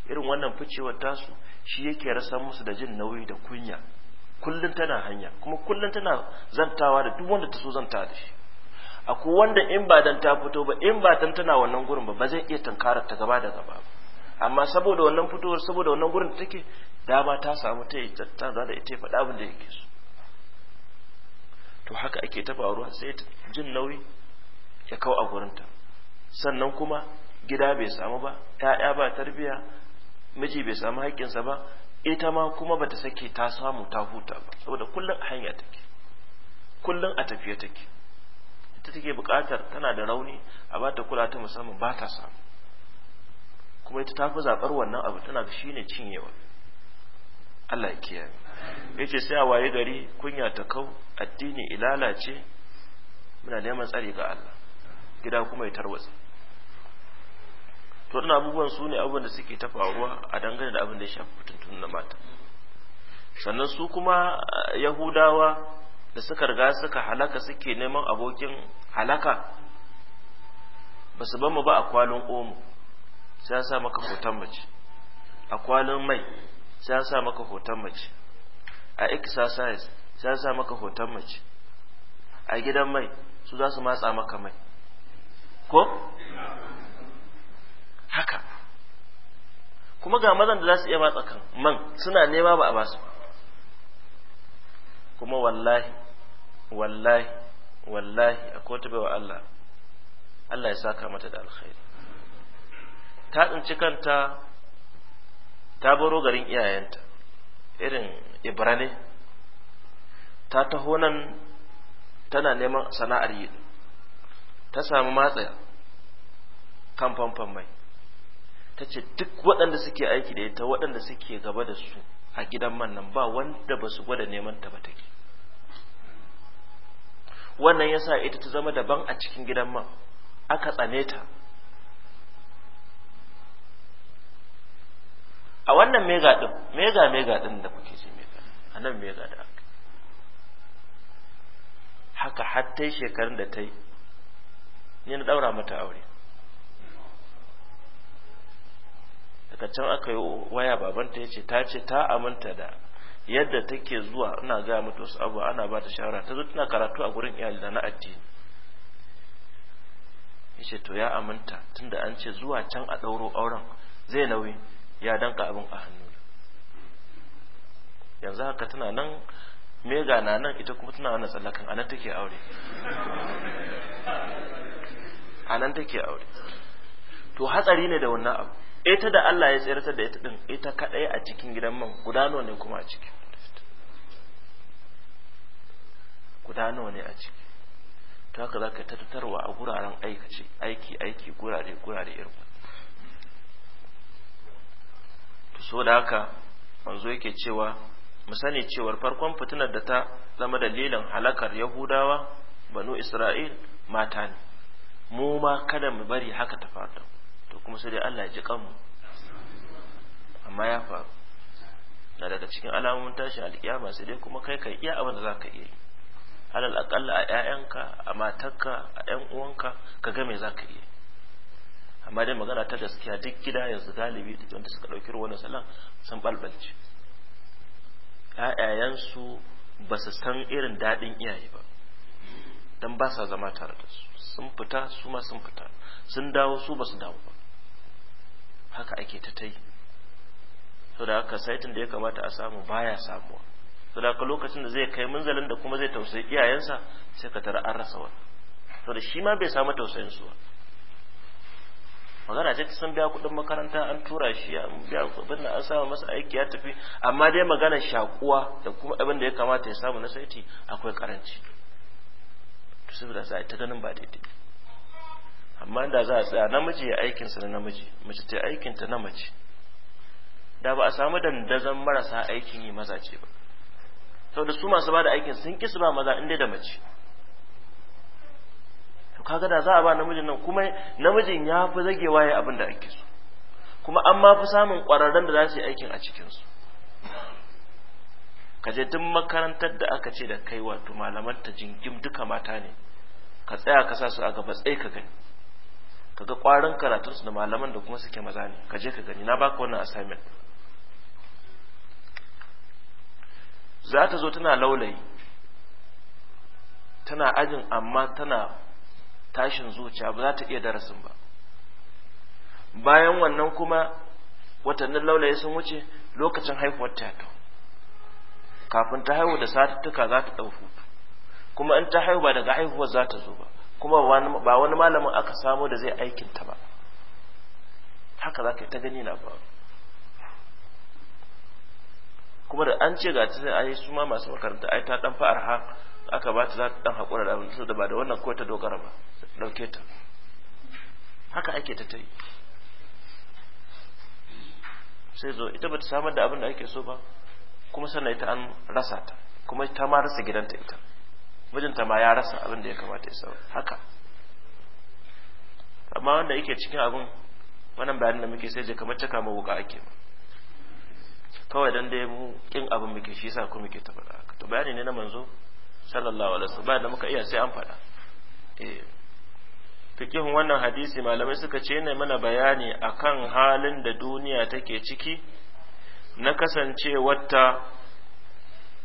irin wannan ficewar tasu shi yake rasa musu da jin nauyi da kunya kullum tana hanya kuma kullum tana zantawa da duk wanda ta so zanta da shi akwai wanda in ba dan ta fito ba in ba dan tana wannan gurin ba ba zai iya tankarar ta gaba da gaba amma saboda wannan fitowar saboda wannan gurin da take dama ta samu ta yi da ita faɗa abin da yake so to haka ake ta faruwa sai jin nauyi ya kau a gurinta sannan kuma gida bai samu ba ‘ya'ya ba tarbiya miji bai samu haƙƙinsa ba ita ma kuma bata sake ta samu ta huta ba saboda kullum a hanya take kullum a tafiye take ita take buƙatar tana da rauni a ba ta kula ta musamman ba ta samu kuma ita ta fi zaɓar wannan abu tana shi ne cinyewa Allah ya kiyaye ce sai a waye gari kunya ta kau addini ilalace muna neman tsari ga Allah gida kuma ya tarwatsa to wannan abubuwan su ne abubuwan da suke tafawa a dangane da abin da ya shafi fitintun na mata sannan su kuma eh, yahudawa da suka riga suka halaka suke neman abokin halaka ba su bamu ba a kwalin omo sai ya sa maka hoton mace a kwalin mai sai ya sa maka hoton mace a exercise sai ya sa maka hoton mace a gidan mai su za su matsa maka mai ko haka kuma ga mazan da za su iya matsa kan man suna nema ba a basu kuma wallahi wallahi wallahi a kota wa Allah Allah ya saka mata da alkhairi ta tsinci kanta ta baro garin iyayenta irin ibrane ta taho nan tana neman sana'ar yi ta samu matsa kan famfan mai ta ce duk waɗanda suke aiki da ita waɗanda suke gaba da su a gidan man nan ba wanda ba su gwada neman ta ba take wannan ya sa ita ta zama daban a cikin gidan man aka tsane ta a wannan mega ɗin mega mega ɗin da kuke ce mega a nan mega da aka haka hatta shekarun da ta yi ni na daura mata aure daga can aka yi waya babanta ya ce ta ce ta aminta da yadda take zuwa ina gaya mata wasu abuwa ana ba ta shawara ta zo tana karatu a gurin iyali na addini ya ce to ya aminta tunda an ce zuwa can a ɗauro auren zai nauyi ya danka abin a hannu yanzu haka tana nan mega na nan ita kuma tana wani tsallakan a nan take aure a nan take aure to hatsari ne da wannan abu ita da Allah ya tsirata da ita din ita kadai a cikin gidan man gudano ne kuma a ciki gudano ne a ciki to haka zaka tattatarwa a guraren aikace aiki aiki gurare gurare irin to so da haka manzo yake cewa mu sani cewar farkon fitinar da ta zama dalilin halakar yahudawa banu isra'il mata ne mu ma kada mu bari haka ta faru to kuma sai dai Allah ya ji kanmu amma ya faru na daga cikin alamun tashi alƙiyama sai dai kuma kai kai iya abin da zaka iya yi alal aqalla a 'ya'yanka, a matarka a ƴan uwanka ka ga me zaka iya amma dai magana ta gaskiya duk gida yanzu galibi da wanda suka dauki ruwan sallan sun balbalce ƴaƴayansu ba su san irin daɗin iyaye ba dan ba sa zama tare da su sun fita su ma sun fita sun dawo su ba su dawo ba haka ake ta ta yi sau da haka saitin da ya kamata a samu baya samuwa sau da haka lokacin da zai kai munzalin da kuma zai tausayi iyayensa sai ka tara an rasa wani sau da shi ma bai samu tausayin su ba magana ce ta san biya kuɗin makaranta an tura shi an biya kuɗin an samu masa aiki ya tafi amma dai magana shakuwa da kuma abin da ya kamata ya samu na saiti akwai karanci to saboda sai ta ganin ba daidai amma da za a tsaya namiji ya aikin sa na namiji mace ta aikin ta na da ba a samu dandazon marasa aikin yi maza ce ba saboda su masu bada da aikin sun ki ba maza inda da mace to kaga da za a ba namijin nan kuma namijin ya fi zagewa ya abin da ake so kuma an ma fi samun ƙwararren da za su yi aikin a cikinsu Kaje duk makarantar da aka ce da kai wato malaman ta jingim duka mata ne ka tsaya ka sa su a gaba tsaye ka gani ka ga ƙwarin karatun su da malaman da kuma suke maza ne kaje ka gani na baka wannan assignment za ta zo tana laulayi tana ajin amma tana tashin zuciya ba za ta iya darasin ba bayan wannan kuma watannin laulayi sun wuce lokacin haihuwar ta kafin ta haihu da satuttuka za ta ɗauku kuma in ta haihu ba daga haihuwar za ta zo ba kuma ba wani malamin aka samo da zai aikin ta ba haka za ka ta gani na ba. kuma da an ce ga ta sai ayi suma masu makaranta ai ta dan fa'ar ha aka ba ta za ta dan hakura da abin da ba da wannan ko ta dogara ba dauke ta haka ake ta tai sai zo ita ba ta samar da abin da ake so ba kuma sannan ita an rasa ta kuma ta ma rasa gidanta ita mijinta ma ya rasa abin da ya kamata ya saura haka amma wanda yake cikin abin wannan bayanin da muke sai je kamar caka ma wuka ake ba kawai dan dai mu kin abin muke shi yasa ku muke ta faɗa haka to bayani ne na manzo sallallahu alaihi wasallam bayan da muka iya sai an faɗa eh fikihun wannan hadisi malamai suka ce ne mana bayani akan halin da duniya take ciki na kasance wata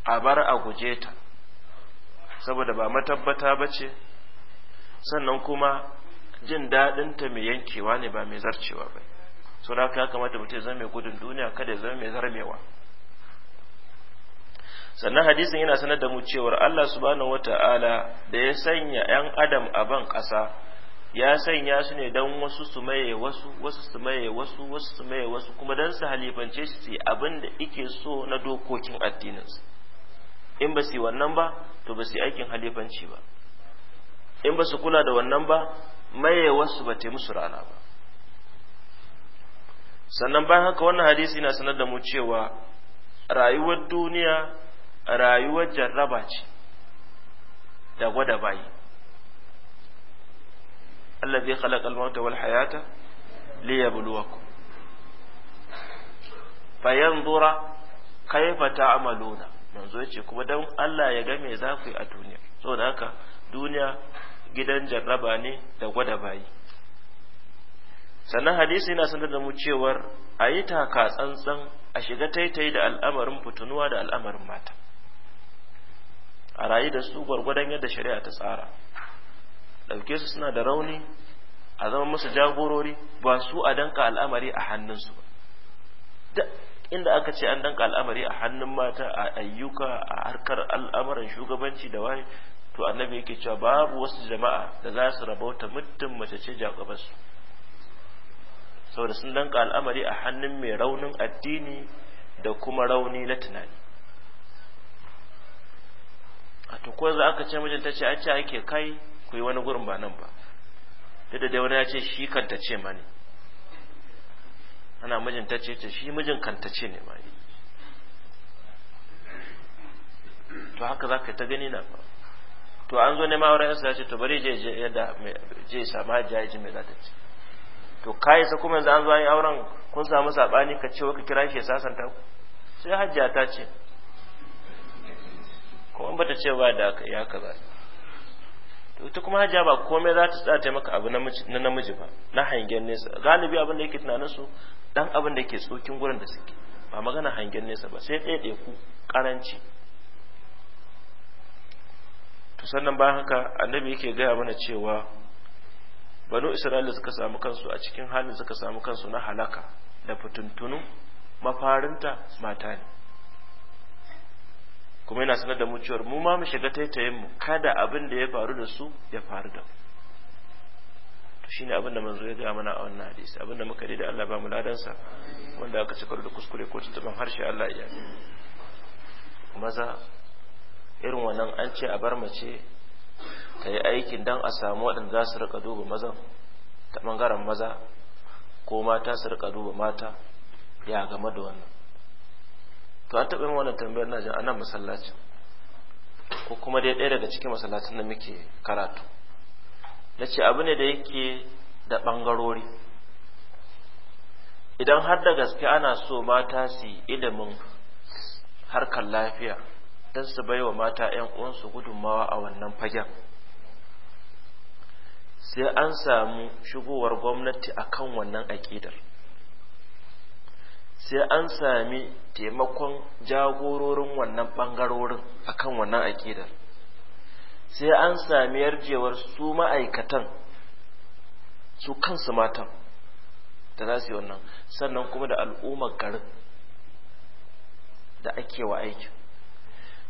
a bar a guje ta saboda ba matabbata ba ce sannan kuma jin daɗinta mai yankewa ne ba mai zarcewa ba so da aka kamata mutum zama mai gudun duniya kada ya zama mai zarmewa sannan hadisin yana sanar da mu cewar Allah subhanahu wata'ala da ya sanya 'yan adam a ban ƙasa ya sanya su ne don wasu su maye wasu wasu su maye wasu wasu su maye wasu kuma don su halifance su yi abin da ike so na dokokin addininsu in ba su yi wannan ba to ba su yi aikin halifanci ba in ba su kula da wannan ba maye wasu ba ta musu rana ba sannan bayan haka wannan hadisi na sanar da mu cewa rayuwar duniya rayuwar jarraba ce da gwada bayi Allah khalaqa al-mauta wal hayata liyabluwakum fayanzura kaifa ta'maluna manzo yace kuma dan Allah ya ga me yi a duniya saboda haka duniya gidan jarraba ne da gwada bayi sannan hadisi yana sanar da mu cewar a yi taka tsantsan a shiga taitai da al'amarin fitinuwa da al'amarin mata a rayu da su gwargwadon yadda shari'a ta tsara ɗauke su suna da rauni a zama musu jagorori ba su a danka al'amari a hannunsu ba duk inda aka ce an danka al'amari a hannun mata a ayyuka a harkar al'amuran shugabanci da waye to annabi yake cewa babu wasu jama'a da za su rabauta muddin mace ce jagabarsu saboda sun danka al'amari a hannun mai raunin addini da kuma rauni na tunani a to ko za aka ce mijin ta ce a ce ake kai ku yi wani gurin ba nan ba duk da dai wani ya ce shi kantace ma ne ana mijin ta ce ce shi mijin kantace ne ma to haka za ka ta gani na ba to an zo nema wurin yansa ya ce to bari je je yadda je samu hajiya ya ji mai za ta ce to ka sa kuma yanzu an zo an yi auren kun samu sabani ka ce ka kira shi ya sasanta ku sai hajiya ta ce kuma bata ce ba da ya kaza to ita kuma hajiya ba komai za ta tsaya maka abu na namiji ba na hangen nesa galibi abin da yake tunanin su dan abin da ke tsokin gurin da suke ba magana hangen nesa ba sai tsaye ku karanci to sannan ba haka annabi yake gaya mana cewa banu isra'ila suka samu kansu a cikin halin suka samu kansu na halaka da fituntunu mafarinta mata ne kuma yana sanar da mu cewar mu ma mu shiga taitayen mu kada abin da ya faru da su ya faru da to shine abin da manzo ya ga mana a wannan hadisi abin da muka da Allah ba mu ladansa wanda aka cikar da kuskure ko tuban harshe Allah ya yi. maza irin wannan an ce a bar mace ta yi aikin dan a samu waɗanda za su rika duba mazan ta ɓangaren maza ko mata su rika duba mata ya game da wannan to an taɓa yin wannan tambayar na jin a nan masallacin ko kuma dai ɗaya daga cikin masallacin da muke karatu na ce abu ne da yake da ɓangarori idan har da gaske ana so mata su ilimin harkar lafiya don su bai wa mata 'yan uwansu gudunmawa a wannan fagen sai an samu shigowar gwamnati a kan wannan aƙidar sai an sami taimakon jagororin wannan ɓangarorin kan wannan aƙidar sai an sami yarjewar su ma'aikatan su kansu matan da za su yi wannan sannan kuma da al'ummar garin da ake wa aiki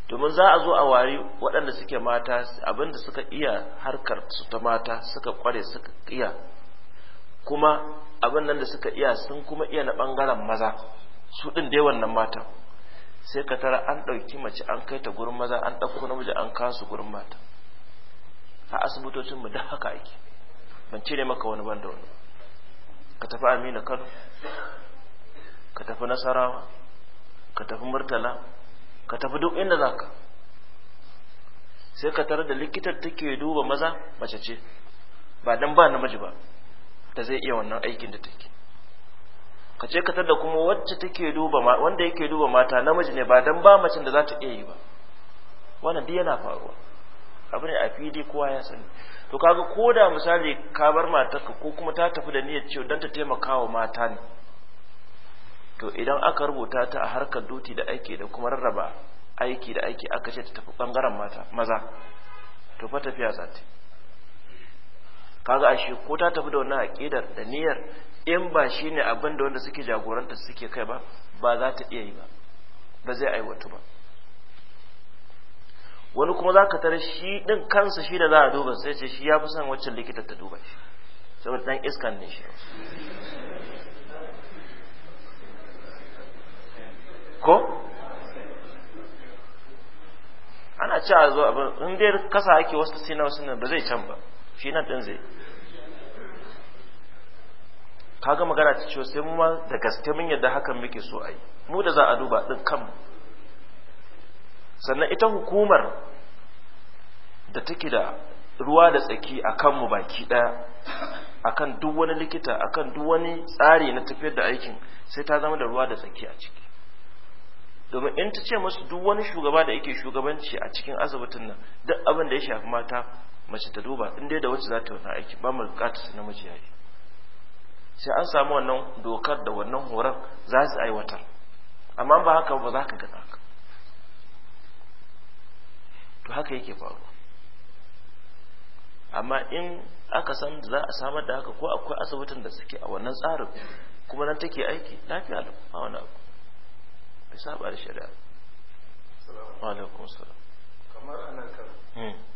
domin za a zo a wari waɗanda suke mata abinda suka iya harkar su ta mata suka kware suka iya kuma abin nan da suka iya sun kuma iya na ɓangaren maza su ɗin dai wannan matan sai ka tara an ɗauki mace an kai ta gurin maza an ɗauko namiji an kasu gurin mata a asibitocin mu da haka ake ban cire maka wani ban da wani ka tafi amina kano ka tafi nasarawa ka tafi murtala ka tafi duk inda za sai ka tara da likitar take duba maza mace ce ba dan ba namiji ba da zai iya wannan aikin da take ka ce ka tada kuma wacce take duba wanda yake duba mata namiji ne ba dan ba macin da za ta iya yi ba wannan duk yana faruwa abu ne a fili kowa ya sani to kaga ko da misali ka bar matarka ko kuma ta tafi da niyyar cewa dan ta taimaka wa mata ne to idan aka rubuta ta a harkar duti da aiki da kuma rarraba aiki da aiki aka ce ta tafi bangaren mata maza to fa tafiya za kaga ashe ko ta tafi da wannan aqidar da niyyar in ba shine abin da wanda suke jagoranta suke kai ba ba za ta iya yi ba ba zai aiwatu ba wani kuma za ka tare shi ɗin kansa shi da za a duba sai ce shi ya fi son waccan likita ta duba shi saboda ɗan iskan ne shi ko ana ci a zo abin in dai kasa ake wasu sina wasu ba zai can ba shi nan ɗin zai kaga magana ta cewa sai mu ma da gaske mun yadda hakan muke so a yi mu da za a duba ɗin kanmu sannan ita hukumar da take da ruwa da tsaki a kanmu baki ɗaya akan duk wani likita akan duk wani tsari na tafiyar da aikin sai ta zama da ruwa da tsaki a ciki domin in ta ce musu duk wani shugaba da yake shugabanci a cikin asibitin nan duk abin da ya shafi mata mace ta duba in dai da wacce za ta wani aiki ba mu bukatar su namiji ya yi sai an samu wannan dokar da wannan horar za su aiwatar amma ba haka ba za ka ga haka to haka yake faru amma in aka san za a samar da haka ko akwai asibitin da suke a wannan tsarin kuma nan take aiki lafiya da a wani abu bai saba da shari'a alaikum salam kamar anan kan hmm.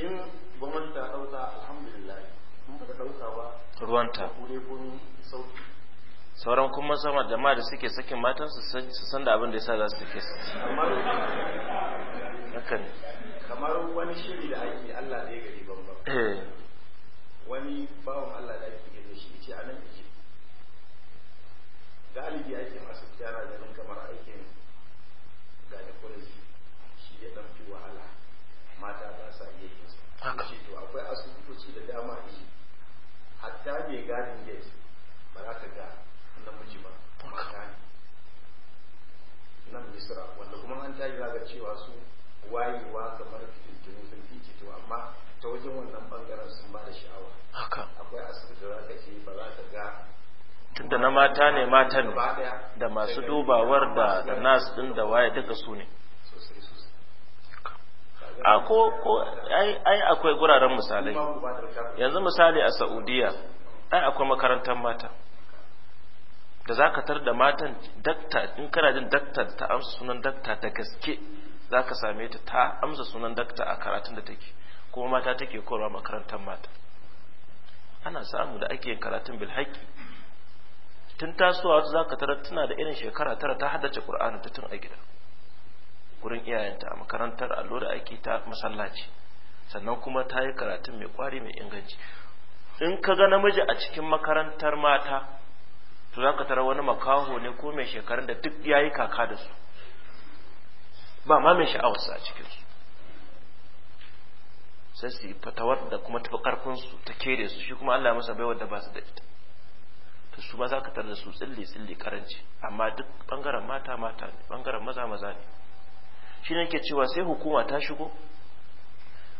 in gwamnati ta ɗauka alhamdulillah in ba ta ɗauka ba ruwanta kure kun sauki sauran kuma sama jama'a da suke sakin matan su san da abin da yasa za su sake su hakan kamar wani shiri da ake Allah da ya gari ba eh. wani bawan Allah da ake gari shi ce a nan Egypt galibi ake masu gyara da na mata ne mata ne da masu dubawar da da nas din da waye duka su ne a ko ai ai akwai guraren misalai yanzu misali a Saudiya ai akwai makarantar mata da zaka tar da matan dakta in kana jin dakta ta amsa sunan dakta ta gaske zaka same ta ta amsa sunan dakta a karatun da take kuma mata take korwa makarantar mata ana samu da ake karatun bilhaki tun tasowa za ka tarar tana da irin shekara tara ta haddace ƙur'ani ta tun a gida gurin iyayenta a makarantar allo da ake ta masallaci sannan kuma ta yi karatun mai kwari mai inganci in ka ga namiji a cikin makarantar mata to za ka tara wani makaho ne ko mai shekarun da duk ya yi kaka da su ba ma mai sha'awarsa a cikinsu sai su yi fatawar da kuma tafi ƙarfinsu ta kere su shi kuma Allah masa baiwar da ba su da ita to su ba za ka tarda su tsille-tsille karanci amma duk bangaren mata mata ne bangaren maza maza ne shi ne ke cewa sai hukuma ta shigo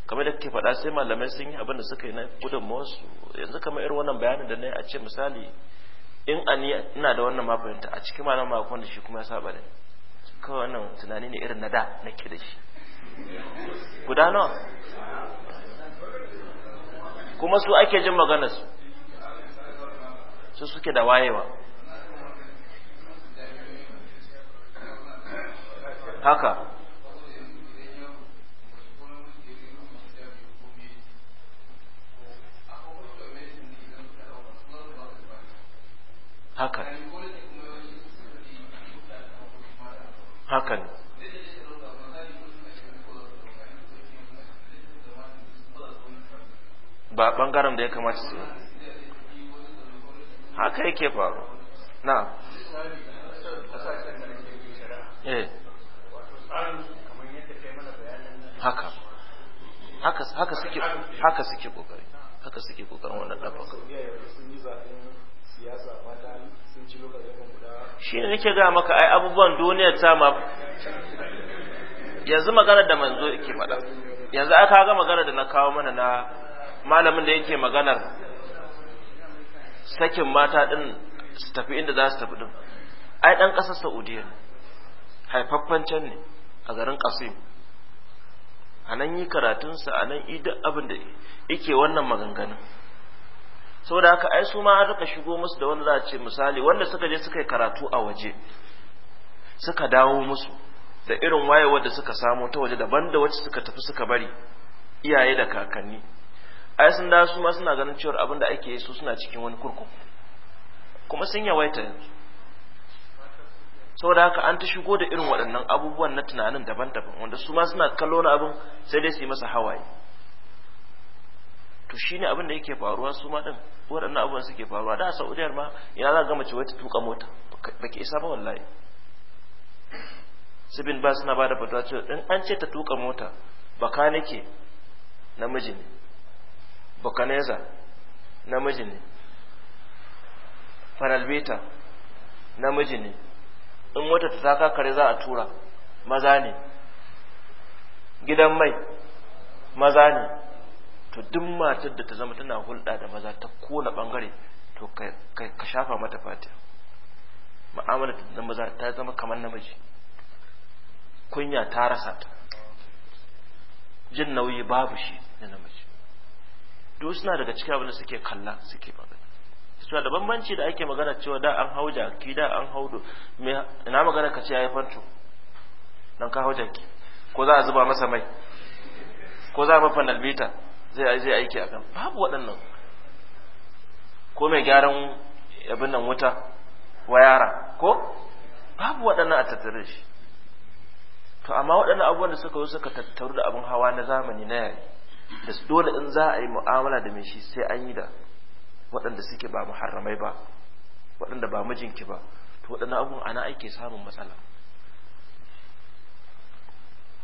kamar da ke faɗa sai malamai sun yi abin da suka yi na gudunmawarsu yanzu kamar irin wannan bayanin da na yi a ce misali in ani ina da wannan mafahimta a cikin malam makon da shi kuma ya saba da ni kawai wannan tunani ne irin na da nake da shi guda nawa kuma su ake jin maganar su suke da wayewa haka haka haka ba bangaren da ya kamata su haka yake faru na eh. haka haka suke haka suke kokari haka suke kokarin wannan dafaka shi ne nake gaya maka ai abubuwan duniya ta ma yanzu magana da manzo yake faɗa yanzu aka ga magana da na kawo mana na malamin da yake maganar sakin mata din su tafi inda za su tafi din ai dan kasar Saudiya ne haifaffen can ne a garin Qasim a nan yi karatunsa a nan yi duk abin da yake wannan maganganun saboda haka ai su ma an rika shigo musu da wanda za a ce misali wanda suka je suka yi karatu a waje suka dawo musu da irin wayewar da suka samu ta waje daban da wacce suka tafi suka bari iyaye da kakanni ai sun da su ma suna ganin cewar abin da ake su suna cikin wani kurkuku kuma sun yawaita yanzu saboda haka an ta shigo da irin waɗannan abubuwan na tunanin daban-daban wanda su ma suna kallo na abin sai dai su yi masa hawaye to shine abin da yake faruwa su ma din waɗannan abubuwan suke faruwa da Saudiyar ma ina za ga mace wata tuka mota baki isa ba wallahi Sibin ba suna ba da fatuwa cewa in an ce ta tuka mota baka nake namiji ne bukaneza namiji ne faralbita namiji ne in wata ta kare za a tura maza ne gidan mai maza ne to duk matar da ta zama tana hulɗa da maza ta kona ɓangare to ka shafa mata fati, ma'amala ta zama maza ta zama kamar namiji kunya ta rasa ta jin nauyi babu shi na namiji duk suna daga cikin abin da suke kalla suke magana suna da bambanci da ake magana cewa da an hau jaki da an hau ina magana ka ce ya yi fanto don ka hau jaki ko za a zuba masa mai ko za a mafa nalbita zai zai aiki a kan babu waɗannan ko mai gyaran abin nan wuta wayara ko babu waɗannan a tattare shi to amma waɗannan abubuwan da suka yi suka tattaru da abin hawa na zamani na yayi da dole in za a yi mu'amala da mai shi sai an yi da waɗanda suke ba muharramai ba waɗanda ba mijinki ba to waɗannan abun ana ake samun matsala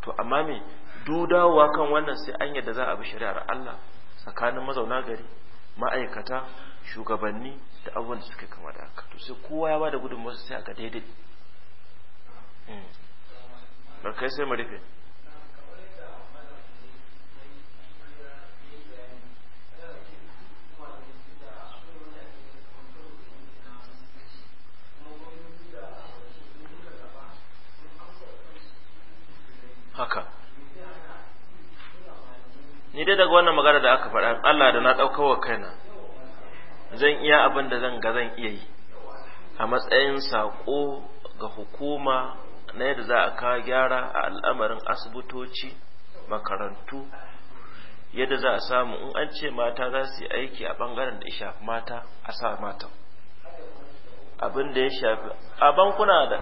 to amma me dudawa kan wannan sai an da za a bi shari'ar Allah tsakanin mazauna gari ma'aikata shugabanni da abubuwan da suke kama da haka to sai kowa ya bada gudunmawa sai aka daidai hmm. kai sai mu rufe haka ni dai daga wannan magana da aka faɗa Allah da na ɗaukawa kaina zan iya abin da zan ga zan iya yi a matsayin saƙo ga hukuma na yadda za a kawo gyara a al'amarin asibitoci makarantu yadda za a samu in an ce mata za su yi aiki a bangaren da ya shafi mata a sa mata abin da ya shafi a bankuna da